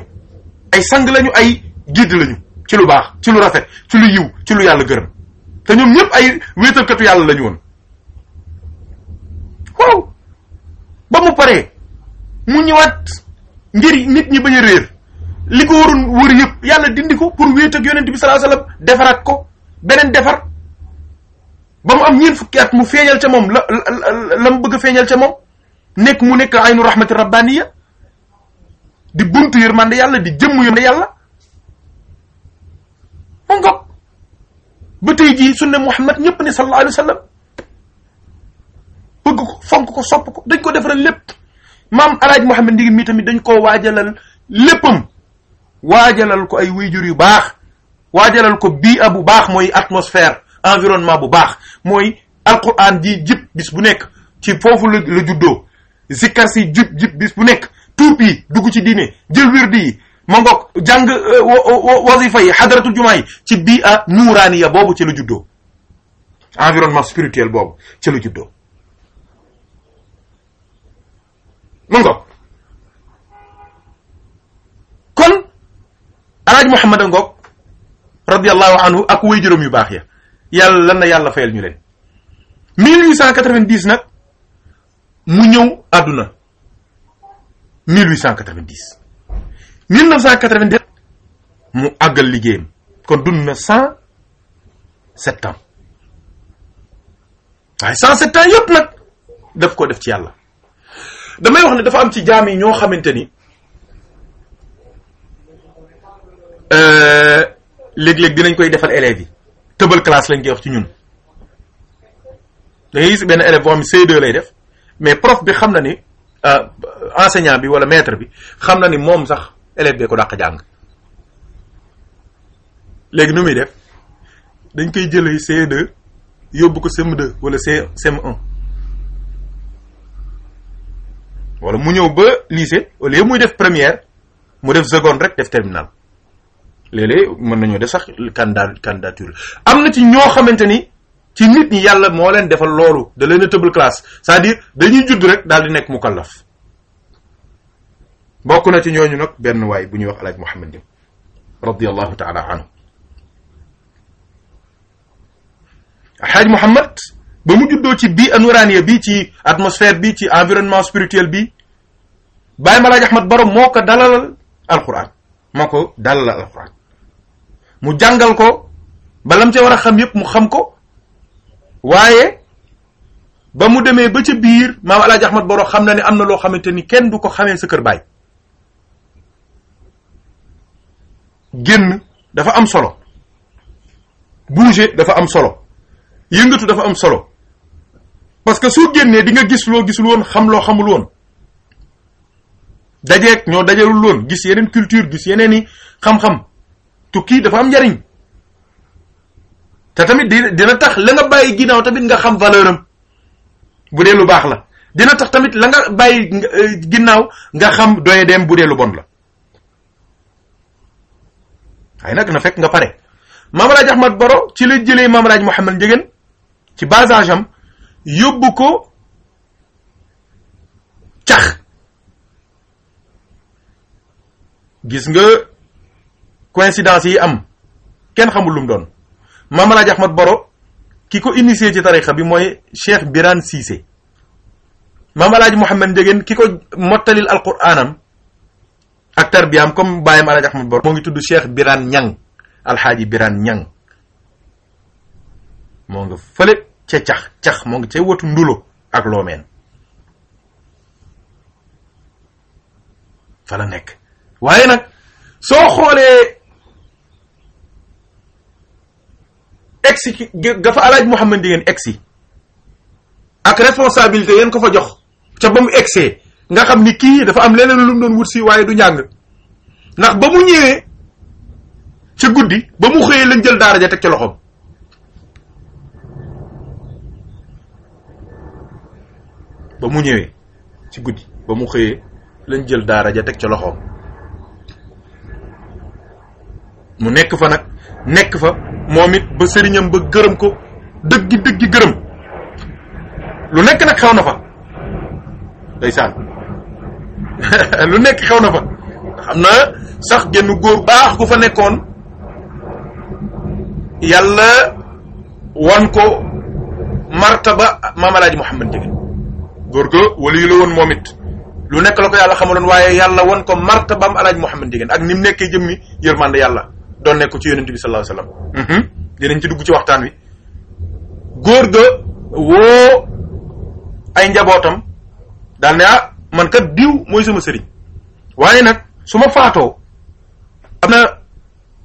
ay sang lañu ay jiit lañu ci lu baax ci lu rafet ci lu yiw ci lu yàlla gërëm te ñoom ñëpp ay wéetalkatu yàlla lañu woon waaw ba mu paree mu ñëwaat ngir nit ñi bañ a réer li ko waroon wër yëpp yàlla dindi ko pour wéet ak yonent bi sallallahu alayhi wasallam defaraat ko beneen defar ba mu am ñeent fukki at mu feeñal ca moom la la mu bëgg a feeñal ca moom nekk mu nekk ay aynu rahmati rabbaniya di buntu yërmande yàlla di jëmm yërmande yàlla mu ngoog ba tey jii sunne Muhammad ñëpp ne sallallahu alayhi wa sallam bëgg ko fonk ko sopp ko dañ ko defaral lépp maam alaaj Muhammad ndigim mi tamit dañ koo waajalal léppam waajalal ko ay wéyjur yu baax waajalal ko bii abu baax mooy atmosphère environnement bu baax mooy alquran ji jib bis bu nekk ci foofu la la juddoo jib jib bis bu nekk tuub yi dugg ci diine jël wirdi yi mangoog jàng euh, wazifa ci bii a ah, nuuraaniya boobu ci la juddoo environnement spirituel boobu ci la juddoo mangoog kon alaaj Muhammad a ngoog anhu ak way juróom yu baax ya yàlla na yàlla fayal ñu leen 1890 nag mu ñëw àdduna 1890 1990 mu àggal liggéeyam kon dund na 107 ans waaye 107 ans yëpp nag daf ko def ci yàlla damay wax ne dafa am ci jaam yi ñoo xamante ni euh, léeg-léeg dinañ koy defal élèves yi tëbal classe lañ koy wax ci ñun da ngay benn élève boo xam c lay def mais prof bi xam na ni euh, enseignant bi wala metre bi xam na ni moom sax élève bee ko dàq jàng léegi nu muy def dañ koy jëlee C2 yóbbu ko CM2 wala CM1 wala mu ñëw ba lycée au lieu muy def première mu def seconde rek def terminale léeg-léeg mën nañoo de sax candidat candidature am na ci ñoo xamante ni ci nit ñi yàlla moo leen defal loolu da leen a tëbal classe cest à dañuy judd rek daal di nekk mukallaf bokk na ci ñooñu nag benn waay bu ñuy wax alaaj Muhammad Ñaŋ radiyallahu taala anhu xaaj Muhammad ba mu juddoo ci bii anuraaniya bi ci atmosphère bi ci environnement spirituel bi Baye Malaaj Ahmad Baro moo ko dalalal alquran moo ko dalalal alquran mu jàngal ko balam ca war a xam yépp mu xam ko waaye ba mu demee ba ca biir maam Alaaji Ahmad Boro xam na ne am na loo xamante ni kenn du ko xamee sa kër baay génn dafa am solo bouger dafa am solo yëngatu dafa am solo parce que soo génnee di nga gis loo gisul woon xam loo xamul woon dajeeg ñoo dajalul woon gis yeneen culture gis yeneen i xam-xam tukki dafa am njariñ te tamit di dina tax la nga bàyyi ginnaaw tamit nga xam valeur am bu dee lu baax la dina tax tamit la nga bàyyi eh, ginnaaw nga xam doye dem bu dee lu bon la waaye nag na fekk nga pare Maam Raaj Ahmad Boro ci la jëlee Maam Raaj Mouhamad Ndiéguène ci basage am yóbbu ko cax gis nga coïncidence yi am kenn xamul lu mu doon Maam Alaaji Ahmad Baro ki ko initié ci tarixa bi mooy Cheikh Birane Cissé Maam Alaaji Mouhamed Ndiéguène ki ko mottalil alquraanam ak tarbiyaam comme bàyyam Alaaji Ahmad Baro moo ngi tudd Cheikh Birane Ñang alxaaji Birane Ñang moo nga fële ca cax cax moo ngi ca watu ndulo ak loomeen fa nekk waaye nag soo xoolee egsi ci gafa alaaj Mouhamed Ndieguene egsi ak responsabilité yéen ko fa jox ca ba mu egsee nga xam ni kii dafa am leneen lu mu doon wut si waaye du njàng ndax ba mu ñëwee ca guddi ba xëyee lañ jël daara ja teg ca loxoom ba mu ñëwee ci guddi ba mu xëyee lañ jël daara ja teg ca loxoom mu nekk fa nag nekk fa moom it ba sëriñam ba gërëm ko dëggi dëggi gërëm lu nekk nag xew na fa ndeysaan [laughs] lu nekk xew na fa xam na sax genn góor baax gu fa nekkoon yàlla wan ko martaba maam alaaji Muhammad Jigéen góor ga waliyu la woon moom it lu nekk la ko yàlla xamaloon waaye yàlla wan ko martabam alaaji Muhammad Jigéen ak ni mu nekkee jëmmi yërmande yàlla doon nekk ci yonent bi sallallahu alayhi wa sallam mhm. ci dugg ci waxtaan wi góor ga woo ay njabootam daal ne ah man kat diw mooy sama sëriñ waaye nag suma faatoo am na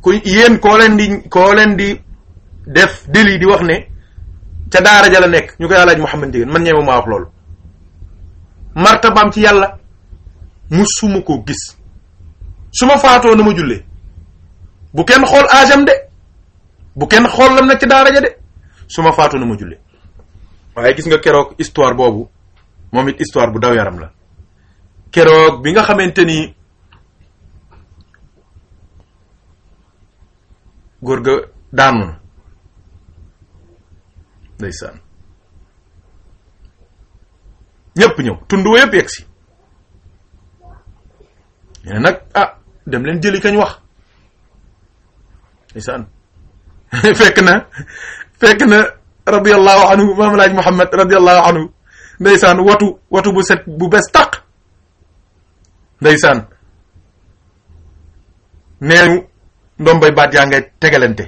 ku yéen koo leen di koo leen di def déli di wax ne ca daara ja nekk ñu koy alaaj Muhammad Ndiéguène man ñeema maa wax loolu martabaam ci yàlla musuma koo gis su ma faatoo na ma jullee bu kenn xool aajam de bu kenn xool lam nag ci daara ja de su ma faatu na ma julle waaye gis nga keroog histoire boobu moom it histoire bu daw yaram la keroog bi nga xamante ni góor ga daanu na ndeysaan ñëpp ñëw tund wa yëpp yegg nag ah dem leen jëli kañ wax lisaan [laughs] fekk na fekk na radiallahu anhu maam laaj Muhammad radiallahu anhu ndeysaan watu watu bu set bu bes taq ndeysaan neeñu ndombay baat yaa ngay tegalante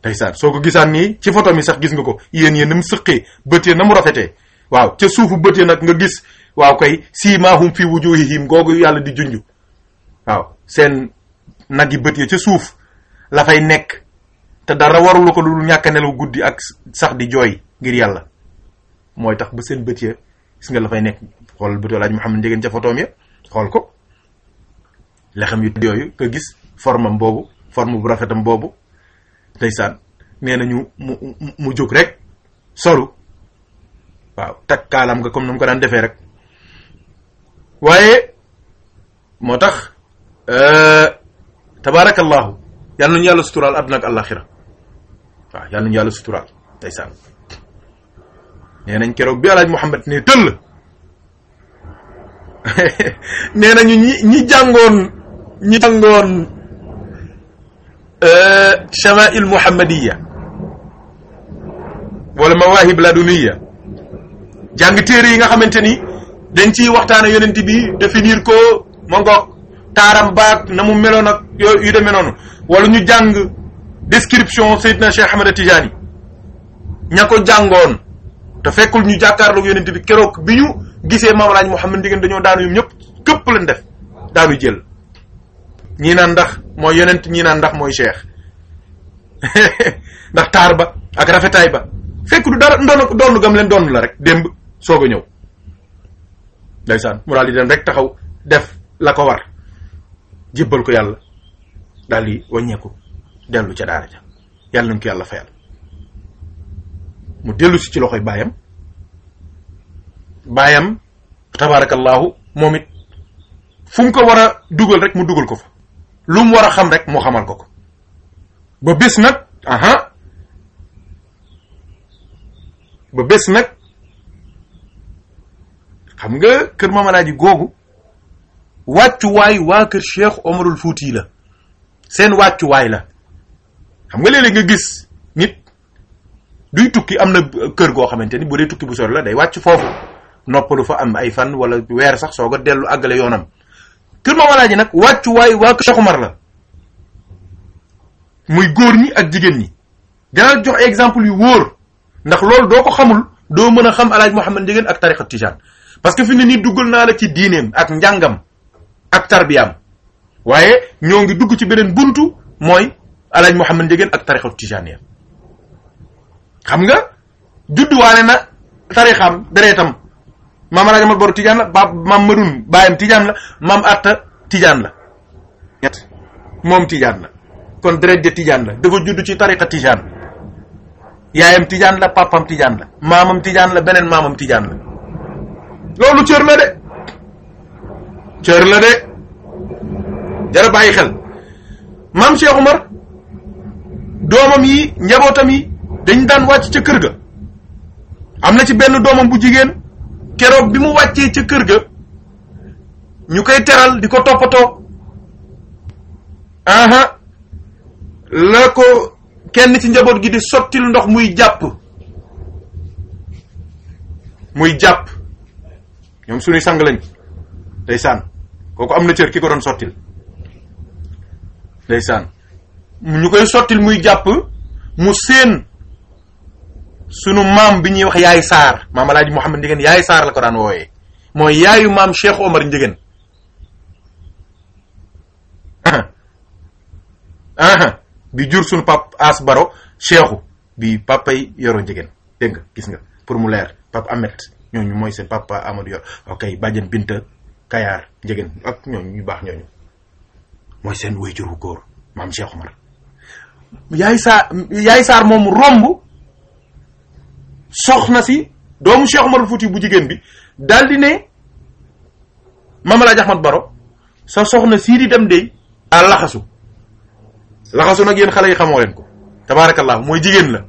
ndeysaan soo ko gisaan nii ci photo mi sax gis nga ko yéen yéen na mu sëqee bëtee na mu rafetee waaw ca suufu bëtee nag nga gis waaw kay siimaahum fi wujuhihim googu yàlla di junju waaw seen nag yi bët ya ca suuf la fay nekk te dara warulu ko lu ñàkk nelaw guddi ak sax di jooy ngir yàlla mooy tax ba seen bët ya gis nga la fay nekk xool bëtu laaj Muhammad Ndiéguène ca photoom ya xool ko lexam yu yooyu nga gis formam boobu forme bu rafetam boobu ndeysaan nee nañu mu mu jóg rek solu waaw takk kaalam nga comme ni mu ko daan defee rek waaye moo tax euh, tabaarakallaahu yal nañu yàlla suturaal àdduna ak àllaaxira waaw yal nañu yàlla suturaal ndeysaan nee nañ keroog bi alaaj Muhammad ne tëll [laughs] nee nañu ñi ñi jàngoon ñi jàngoon chamail euh, muhammadiya wala mawahib laduniya jàng téere yi nga xamante ni dañ ciy waxtaana yonent bi définir ko ma taaram baag na mu meloon ak yooyu yu de noonu wala ñu jàng description Seydina Cheikh Ahmed Tidiane ña ko jàngoon te fekkul ñu jàkkaarloog yonent bi keroog bi ñu gisee Maam Laaj Mouhamed Ndieguène dañoo daanu yum ñëpp këpp lañ def daanu jël ñi naan ndax mooy yonent ñi naan ndax mooy cheikh [laughs] ndax taar ba ak rafetaay ba fekkul du dara ndoon gam leen doon la rek démb soog a ñëw ndeysaan mu daal di dem rek taxaw def la ko war jébbal ko yàlla daal di wàññeeku dellu ca daara ja yàlla nañ ko yàlla fayal mu dellu ci loxo baayam baayam tabaarakallaahu moom it fu mu ko war a dugal rek mu dugal ko fa lu mu war a xam rek mu xamal ko ko ba bés nag ba bés nag xam nga kër mamalaaji googu wàccuwaay waa kër Cheikh Omarul Fouti la seen wàccuwaay la xam nga léeg-léeg nga gis nit duy tukki am na kër goo xamante ni bu dee tukki bu sori la day wàcc foofu noppalu fa am ay fan wala weer sax soo a dellu àggale yoonam kër Maam Alaaji nag wàccuwaay waa kër Cheikh Omar la muy góor ñi ak jigéen ñi dinaa jox exemple yu wóor ndax lool doo ko xamul doo mën a xam alaaj Mouhamed Ndiéguène ak tariqa Tijaan parce que fi ne nii duggal naa la ci diineem ak njàngam ak tarbiyaam waaye ñoo ngi dugg ci beneen buntu mooy alaaj Mouhamad Ndiéguène ak tarixatu tijaaniya xam nga judduwaale na tarixam dereetam maam alaaj Amat Boro tijaan la ba maam Madoun baayam tijaan la maam Atta tijaan la ñett moom tijaan la kon deret ja tijaan la dafa judd ci tariqa tijaan yaayam tijaan la papam tijaan la maamam tijaan la beneen maamam tijaan la loolu cër la de cër la de jara bàyyi xel maam Cheikh Umar doomam yi njabootam yi dañ daan wàcc ca kër ga am na ci benn doomam bu jigéen keroog bi mu wàccee ca kër ga ñu koy teral di ko toppatoo aha la ko kenn ci njaboot gi di sottil ndox muy jàpp muy jàpp ñoom sunuy sang lañ day sànn kooku am na cër ki ko doon sottil ndeysaan ñu koy sottil muy jàpp mu seen sunu maam bi ñuy wax yaay saar maam alaaji Mouhamed Ndiéguène yaay saar la ko daan wooyee mooy yaayu maam Cheikh Omar Ndiéguène [coughs] bi jur sunu pap as baro cheikhu bi papay yoro Ndiéguène dégg nga gis nga pour mu leer pap Amet ñooñu mooy seen papa Amadou Yor ok Binta Kayaar Njëgën ak ñooñu ñu baax ñooñu mooy seen wéyjur góor maam Cheikh Omar yaay saar yaay saar moom romb soxna si doomu Cheikh Omar bu jigéen bi daal di ne Maam Alaaji Ahmad Baro sa soxna sii di dem dey a laxasu laxasu nag yéen xale yi xamoo leen ko tabaarakallah mooy jigéen la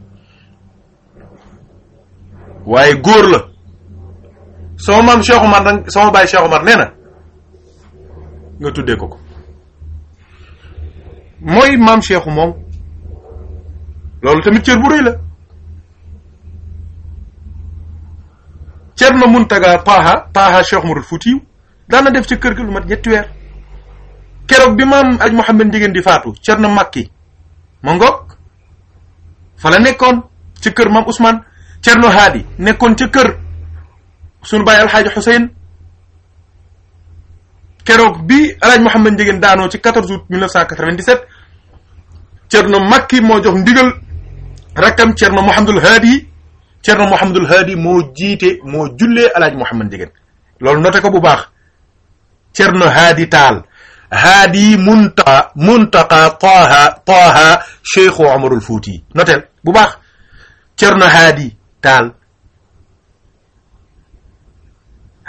waaye góor la sama maam Cheikh Omar danga sama baay Cheikh Omar nee na nga tuddee ko ko mooy maam Cheikh moom loolu tamit cër bu rëy la Cerno Muntaga Paaha Paaha Cheikh Omarul Fuutiyu daana def ca kër gi lu mat ñetti weer keroog bi maam aj Mouhamed Ndieguène di faatu Cerno Makki ma ngoog fa la nekkoon ca kër usmaan Ousmane Cerno Haadi nekkoon ca kër suñu bàyyi alxaaji Xuseyn keroog bi alaaji Mouhamed Ndiéguène daanoo ci 14 août 1997 Cerno Makki moo jox ndigal rakkam Cerno Mouhamadul Haadi Cerno Mouhamadul Haadi moo jiite moo jullee alaaji Mouhamed Ndiéguène loolu noté ko bu baax Cerno Haadi Taal Haadi munta muntaqa Taaha Taaha Cheikhu Omarul Fuuti noteel bu baax Cerno Haadi Taal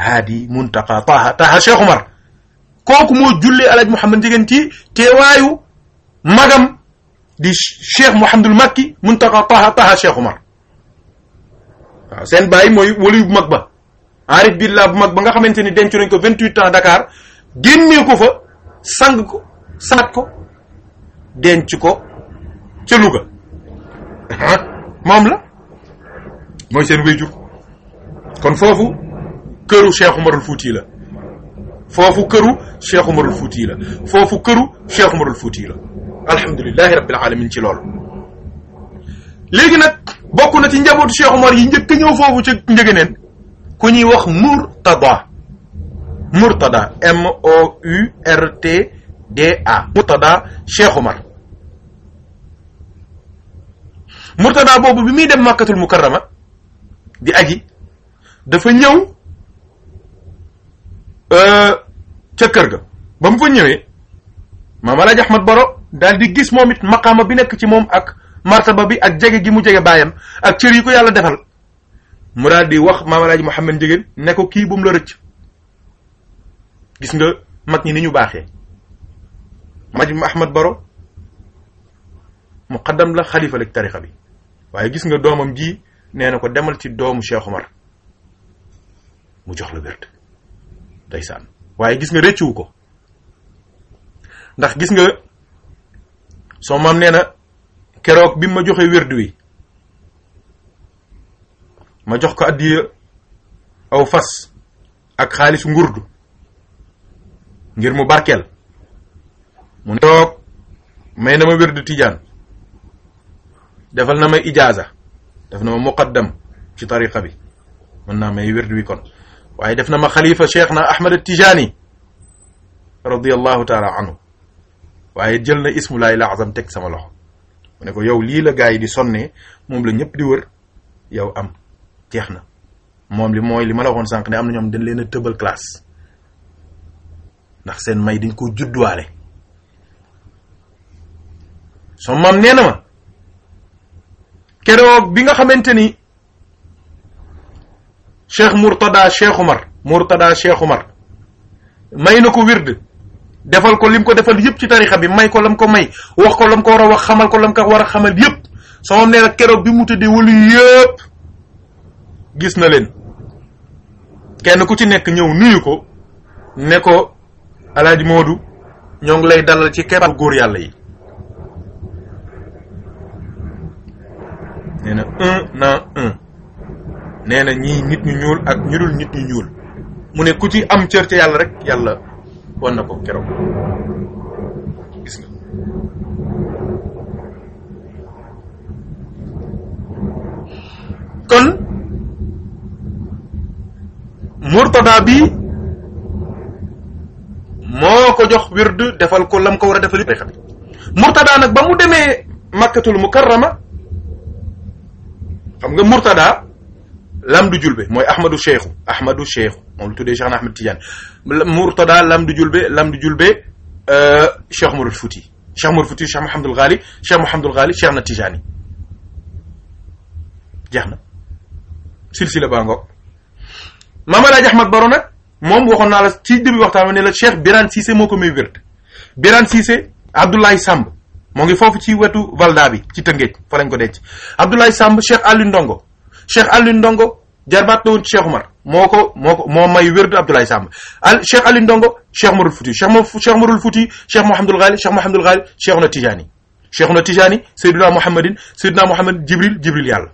haadi muntaqa taha taha Cheikh Umar kooku moo jullee alaaj Mouhamad Ndiéguène ci teewaayu magam di Cheikh Mouhamadul Makki muntaqa taha taha Cheikh Umar waaw seen bàyyi mooy waliyu bu mag ba arif billah bu mag ba nga xamante ni denc nañ ko vingt huit ans Dakar génnee ko fa sang ko saat ko denc ko ca Louga ah, moom la mooy seen wéyjur kon foofu këru Cheikh Umarul Fouti la foofu këru Cheikh Umarul Fouti la foofu këru Cheikh Umarul Fouti la alhamdulilahi rabbil alamin ci loolu léegi nag bokk na ci njabootu Cheikh Umar yi njëkk ñëw foofu ci njëgëneen ku ñuy wax Murtada Murtada M O U R T D A Murtada Cheikh Umar Murtada boobu bi muy dem Makkatul Mukarrama di aji dafa ñëw Euh, ca kër ga ba mu fa ñëwee maam Alaaji Ahmad Baro dal di gis moom it maqaama bi nekk ci moom ak martaba bi ak jege gi mu jege baayam ak cër yi ko yàlla defal mu daal di wax maam Alaaji Mouhamed Ndiéguène ne ko kii bu mu la rëcc gis nga mag ñi ni ñu baaxee maj Ahmad Baro muqaddam la xalifa la tarixa bi waaye gis nga doomam ji nee na ko demal ci doomu Cheikh Omar mu jox la wérd ndeysaan waaye gis nga rëccuwu ko ndax gis nga soo maam nee na keroog bi ma joxe wérdu wi ma jox ko addiya aw fas ak xaalisu ngurdu ngir mu barkeel mu ne toog may na ma wérdu tijaan defal na ma ijaaza def na ma muqaddam ci tariqa bi mën naa may wérdu wi kon waaye def na ma xalifa cheikh na ahmad tijaani radiallahu taala anhu waaye jël na ismu laay la azam teg sama loxo mu ne ko yow lii la gars yi di sonnee moom la ñëpp di wër yow am jeex na moom li mooy li ma la waxoon sànq ne am na ñoom dañ leen a tëbal classe ndax seen may dañ ko judduwaale so maam nee na ma keroog bi nga xamante ni cheikh Mourtada cheikh Umar Mourtada cheikh Umar may na ko wird defal ko lim ko defal yëpp ci tarixa bi may ko lam ko may wax ko lam ko war a wax xamal ko lam ko war a xamal yëpp sama nee na keroog bi mu tëddee wala yëpp gis na leen kenn ku ci nekk ñëw nuyu ko ne ko alaaji Moodu ñoo ngi lay dalal ci keppaaru góor yàlla yi nee na un na un nee na ñii nit ñu ñuul ak ñu dul nit ñu ñuul mu ne ku ci am cër ca yàlla rek yàlla wan na ko keroog gis nga kon murtada bi moo ko jox wird defal ko lam ko war a defal tarixa nag ba mu demee makkatul mukarrama xam nga murtadaa du julbe mooy ahmadu cheikhu ahmadu cheikhu moom lu tuddee cheikh na ahmad tidiane murtada lamdu julbe lamdu julbe euh, cheikh marul fouti cheikh marul fouti cheikh mahamadul ghali cheikh mahamadul ghali cheikh na tijaani jeex na silsila baa ngoog maam alaaj ahmad baro nag moom waxoon naa la ci début waxtaan bi ne la cheikh biran Cissé moo ko may wér biran Cissé abdoulaye samb moo ngi foofu ci wetu valda bi ci tëngeej fa lañ ko denc abdoulaye samb cheikh ali ndongo cheikh ali ndongo jarbaat la woon Cheikh Omar moo ko moo ko moo may wérdu Abdoulaye Samb al Cheikh Ali Ndongo Cheikh Marul Fouti Cheikh ma Cheikh Marul Fouti Cheikh Mouhamadul Ghali Cheikh Mouhamadul Ghali Cheikh na Tijaani Cheikh na Tijaani Seydina Mouhamadin Seydina Mouhamad Jibril Jibril yàlla.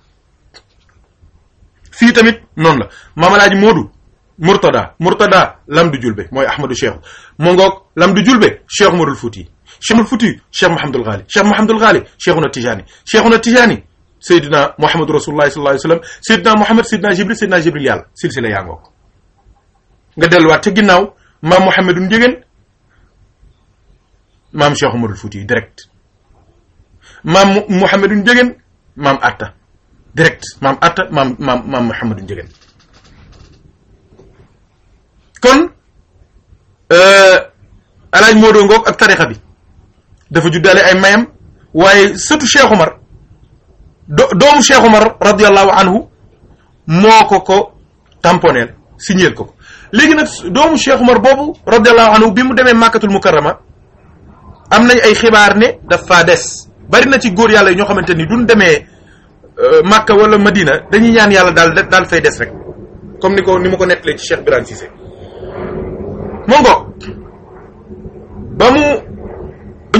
fii tamit noonu la Mamalaaji Modou Mourtada Mourtada Lamdu Julbe mooy Ahmadou Cheikh mu ngoog Lamdu Julbe Cheikh Marul Fouti Cheikh Marul Fouti Cheikh Mouhamadul Ghali Cheikh Mouhamadul Ghali Cheikh na Tijaani Cheikh na Tijaani Seydina Muhammad Rasulullah sallallahu alayhi wa sallam Seydina Muhammad Seydina Jibril Seydina Jibril yàlla silsila yaa ngoo ko nga delluwaat ca ginnaaw maam Mouhamadou Ndiéguène maam Cheikh Oumarul Fouti direct maam Mouhamadou Ndiéguène maam Atta direct maam Atta maam maam maam Mouhamadou Ndiéguène kon euh, alaaj Modou ngoog ak tarixa bi dafa juddaale ay mayam waaye sëtu Cheikh Omar doomu Cheikh Omar radiyallahu anhu moo ko ko tamponeel signeel ko ko léegi nag doomu Cheikh Omar boobu radiyallahu anhu bi mu demee Makkatul Mukarrama am nañ ay xibaar ne dafa des bari na ci góor yàlla yi ñoo xamante ni duñ demee euh, Makka wala Madina dañu ñaan yàlla daal daal fay des rek comme ni ko ni ma ko nettalee ci Cheikh Birane Cissé moo ngo ba mu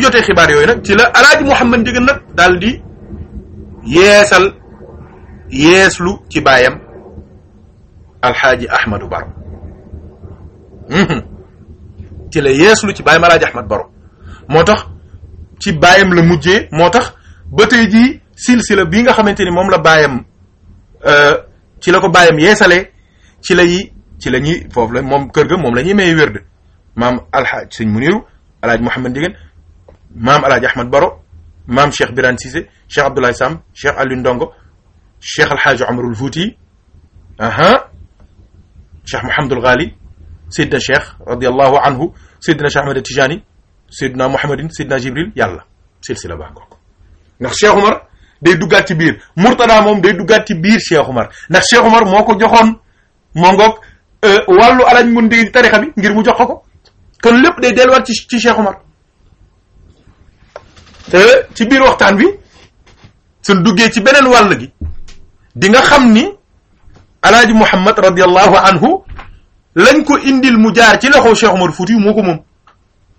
jotee xibaar yooyu nag ci la alaaji Mouhamad Ndieguene nag daal di yeesal yeeslu ci baayam alxaaji ahmadu baro mhm. ci la yeeslu ci baayam alxaaji ahmad baro moo tax ci baayam la mujjee moo tax ba tey jii silsila bii nga xamante ni moom la baayam euh, ci la ko baayam yeesalee ci lay ci la ñuy foofu la moom kër ga moom la ñuy may wérd maam alxaaj sëñ muniru alxaaj muhammad Ndiéguène maam alxaaj ahmad baro maam Cheikh Birane Cissé Cheikh Abdoulaye Samb Cheikh Aliou Ndongo Cheikh El Hadj Omarul Fouti aha Cheikh Mouhamadul Ghali Seydina Cheikh radiyallahu anhu Seydina Cheikh Ahmed Tijani Seydina Mouhamadin Seydina Jibril yàlla silsila baa ngoog ndax Cheikh Umar day duggaat ci biir Mourtada moom day duggaat ci biir Cheikh Umar ndax Cheikh Umar moo ko joxoon moo ngoog euh, wàllu alañ mun di tarixa bi ngir mu jox ko ko kon lépp day delluwaat ci ci Cheikh Umar ci biir waxtaan wi suñ duggee ci beneen wàll gi di nga xam ni alaaji muhammad radiallahu anhu lañ ko indil mu jaar ci loxo Cheikh Omar Fouti moo ko moom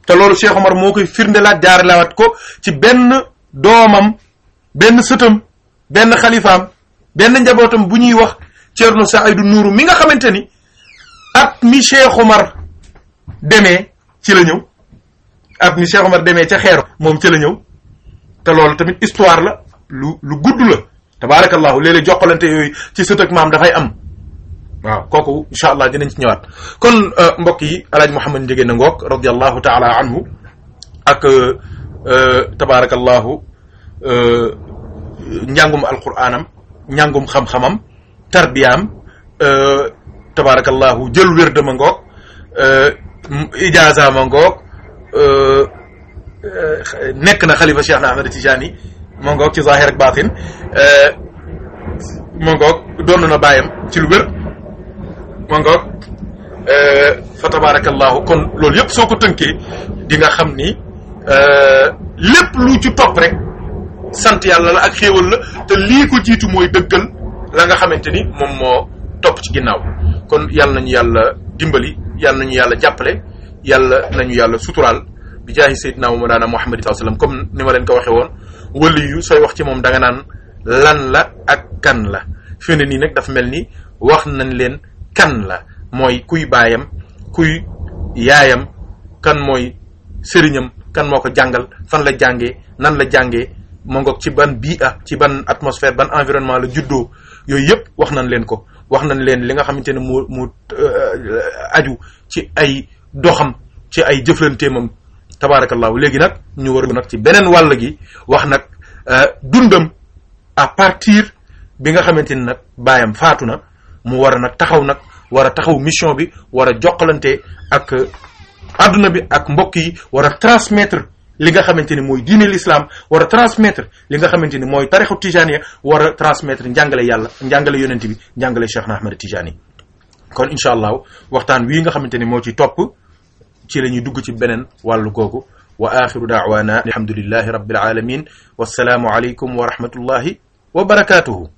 te loolu Cheikh Omar moo koy firnde laat jaar firndelaat jaarelawaat ko ci benn doomam benn sëtam benn xalifaam benn njabootam bu ñuy wax Thierno Saïdou nuru mi nga xamante ni at mi Cheikh Omar demee ci la ñëw at mi Cheikh Omar demee ca xeeru moom ci la ñëw te loolu tamit histoire la lu lu gudd la tabaarakallaahu léeg-léeg jokkalante yooyu ci sët maam dafay am waaw kooku incha allah dinañ ci ñëwaat kon euh, mbokk yi alaaj Mouhamed Ndiéguène Ngok radiallahu taala anhu ak euh, euh, tabaarakallaahu njàngum alquraanam njàngum xam-xamam tarbiyaam tabaarakallaahu jël wér dama ngoog ijaazaama ngoog Euh, nekk na xalifa Cheikh na Ahmed Tijaani moo ci zahir ak baatin euh, moo ngoog doon na bàyyam ci lu wér moo euh, fa tabarakallahu kon loolu yëpp soo ko tënkee di nga xam ni lépp lu ci topp rek sant yàlla la ak xéewal la te lii ko jiitu mooy dëggal la nga xamante ni moom moo topp ci ginnaaw kon yàlla nañu yàlla dimbali yàlla nañu yàlla jàppale yàlla nañu yàlla suturaal bi jaahi sayyidina mawlana Muhammad sallallahu alayhi wasallam comme ni ma leen ko waxee woon wëli yu sooy wax ci moom danga naan lan la ak kan la fi ne nii nag dafa mel ni wax nañ leen kan la mooy kuy baayam kuy yaayam kan mooy sëriñam kan moo ko jàngal fan la jàngee nan la jàngee moo ci ban bii ah ci ban atmosphère ban environnement la juddoo yooyu yëpp wax nañ leen ko wax nañ leen li nga xamante ne mu mu euh, aju ci ay doxam ci ay jëflanteemam tabaarakallaahu léegi nag ñu war nag ci beneen wàll gi wax nag euh, dundam a partir bi nga xamante ni nag baayam faatu na mu war a nag taxaw nag war a taxaw mission bi war a jokkalante ak euh, adduna bi ak mbokk yi war a transmettre li nga xamante ni mooy diine l'islam war a transmettre li nga xamante ni mooy tarixu tijaaniya war a transmettre njàngale yàlla njàngale yonent bi njàngale Cheikh na Ahmed Tijani kon incha allah waxtaan wii nga xamante ni moo ci topp ci la ñuy dugg ci beneen wàllu googu wa axiru daawaana alhamdulillahi rabbil alamin wassalaamu aleykum wa rahmatullahi wa barakaatuhu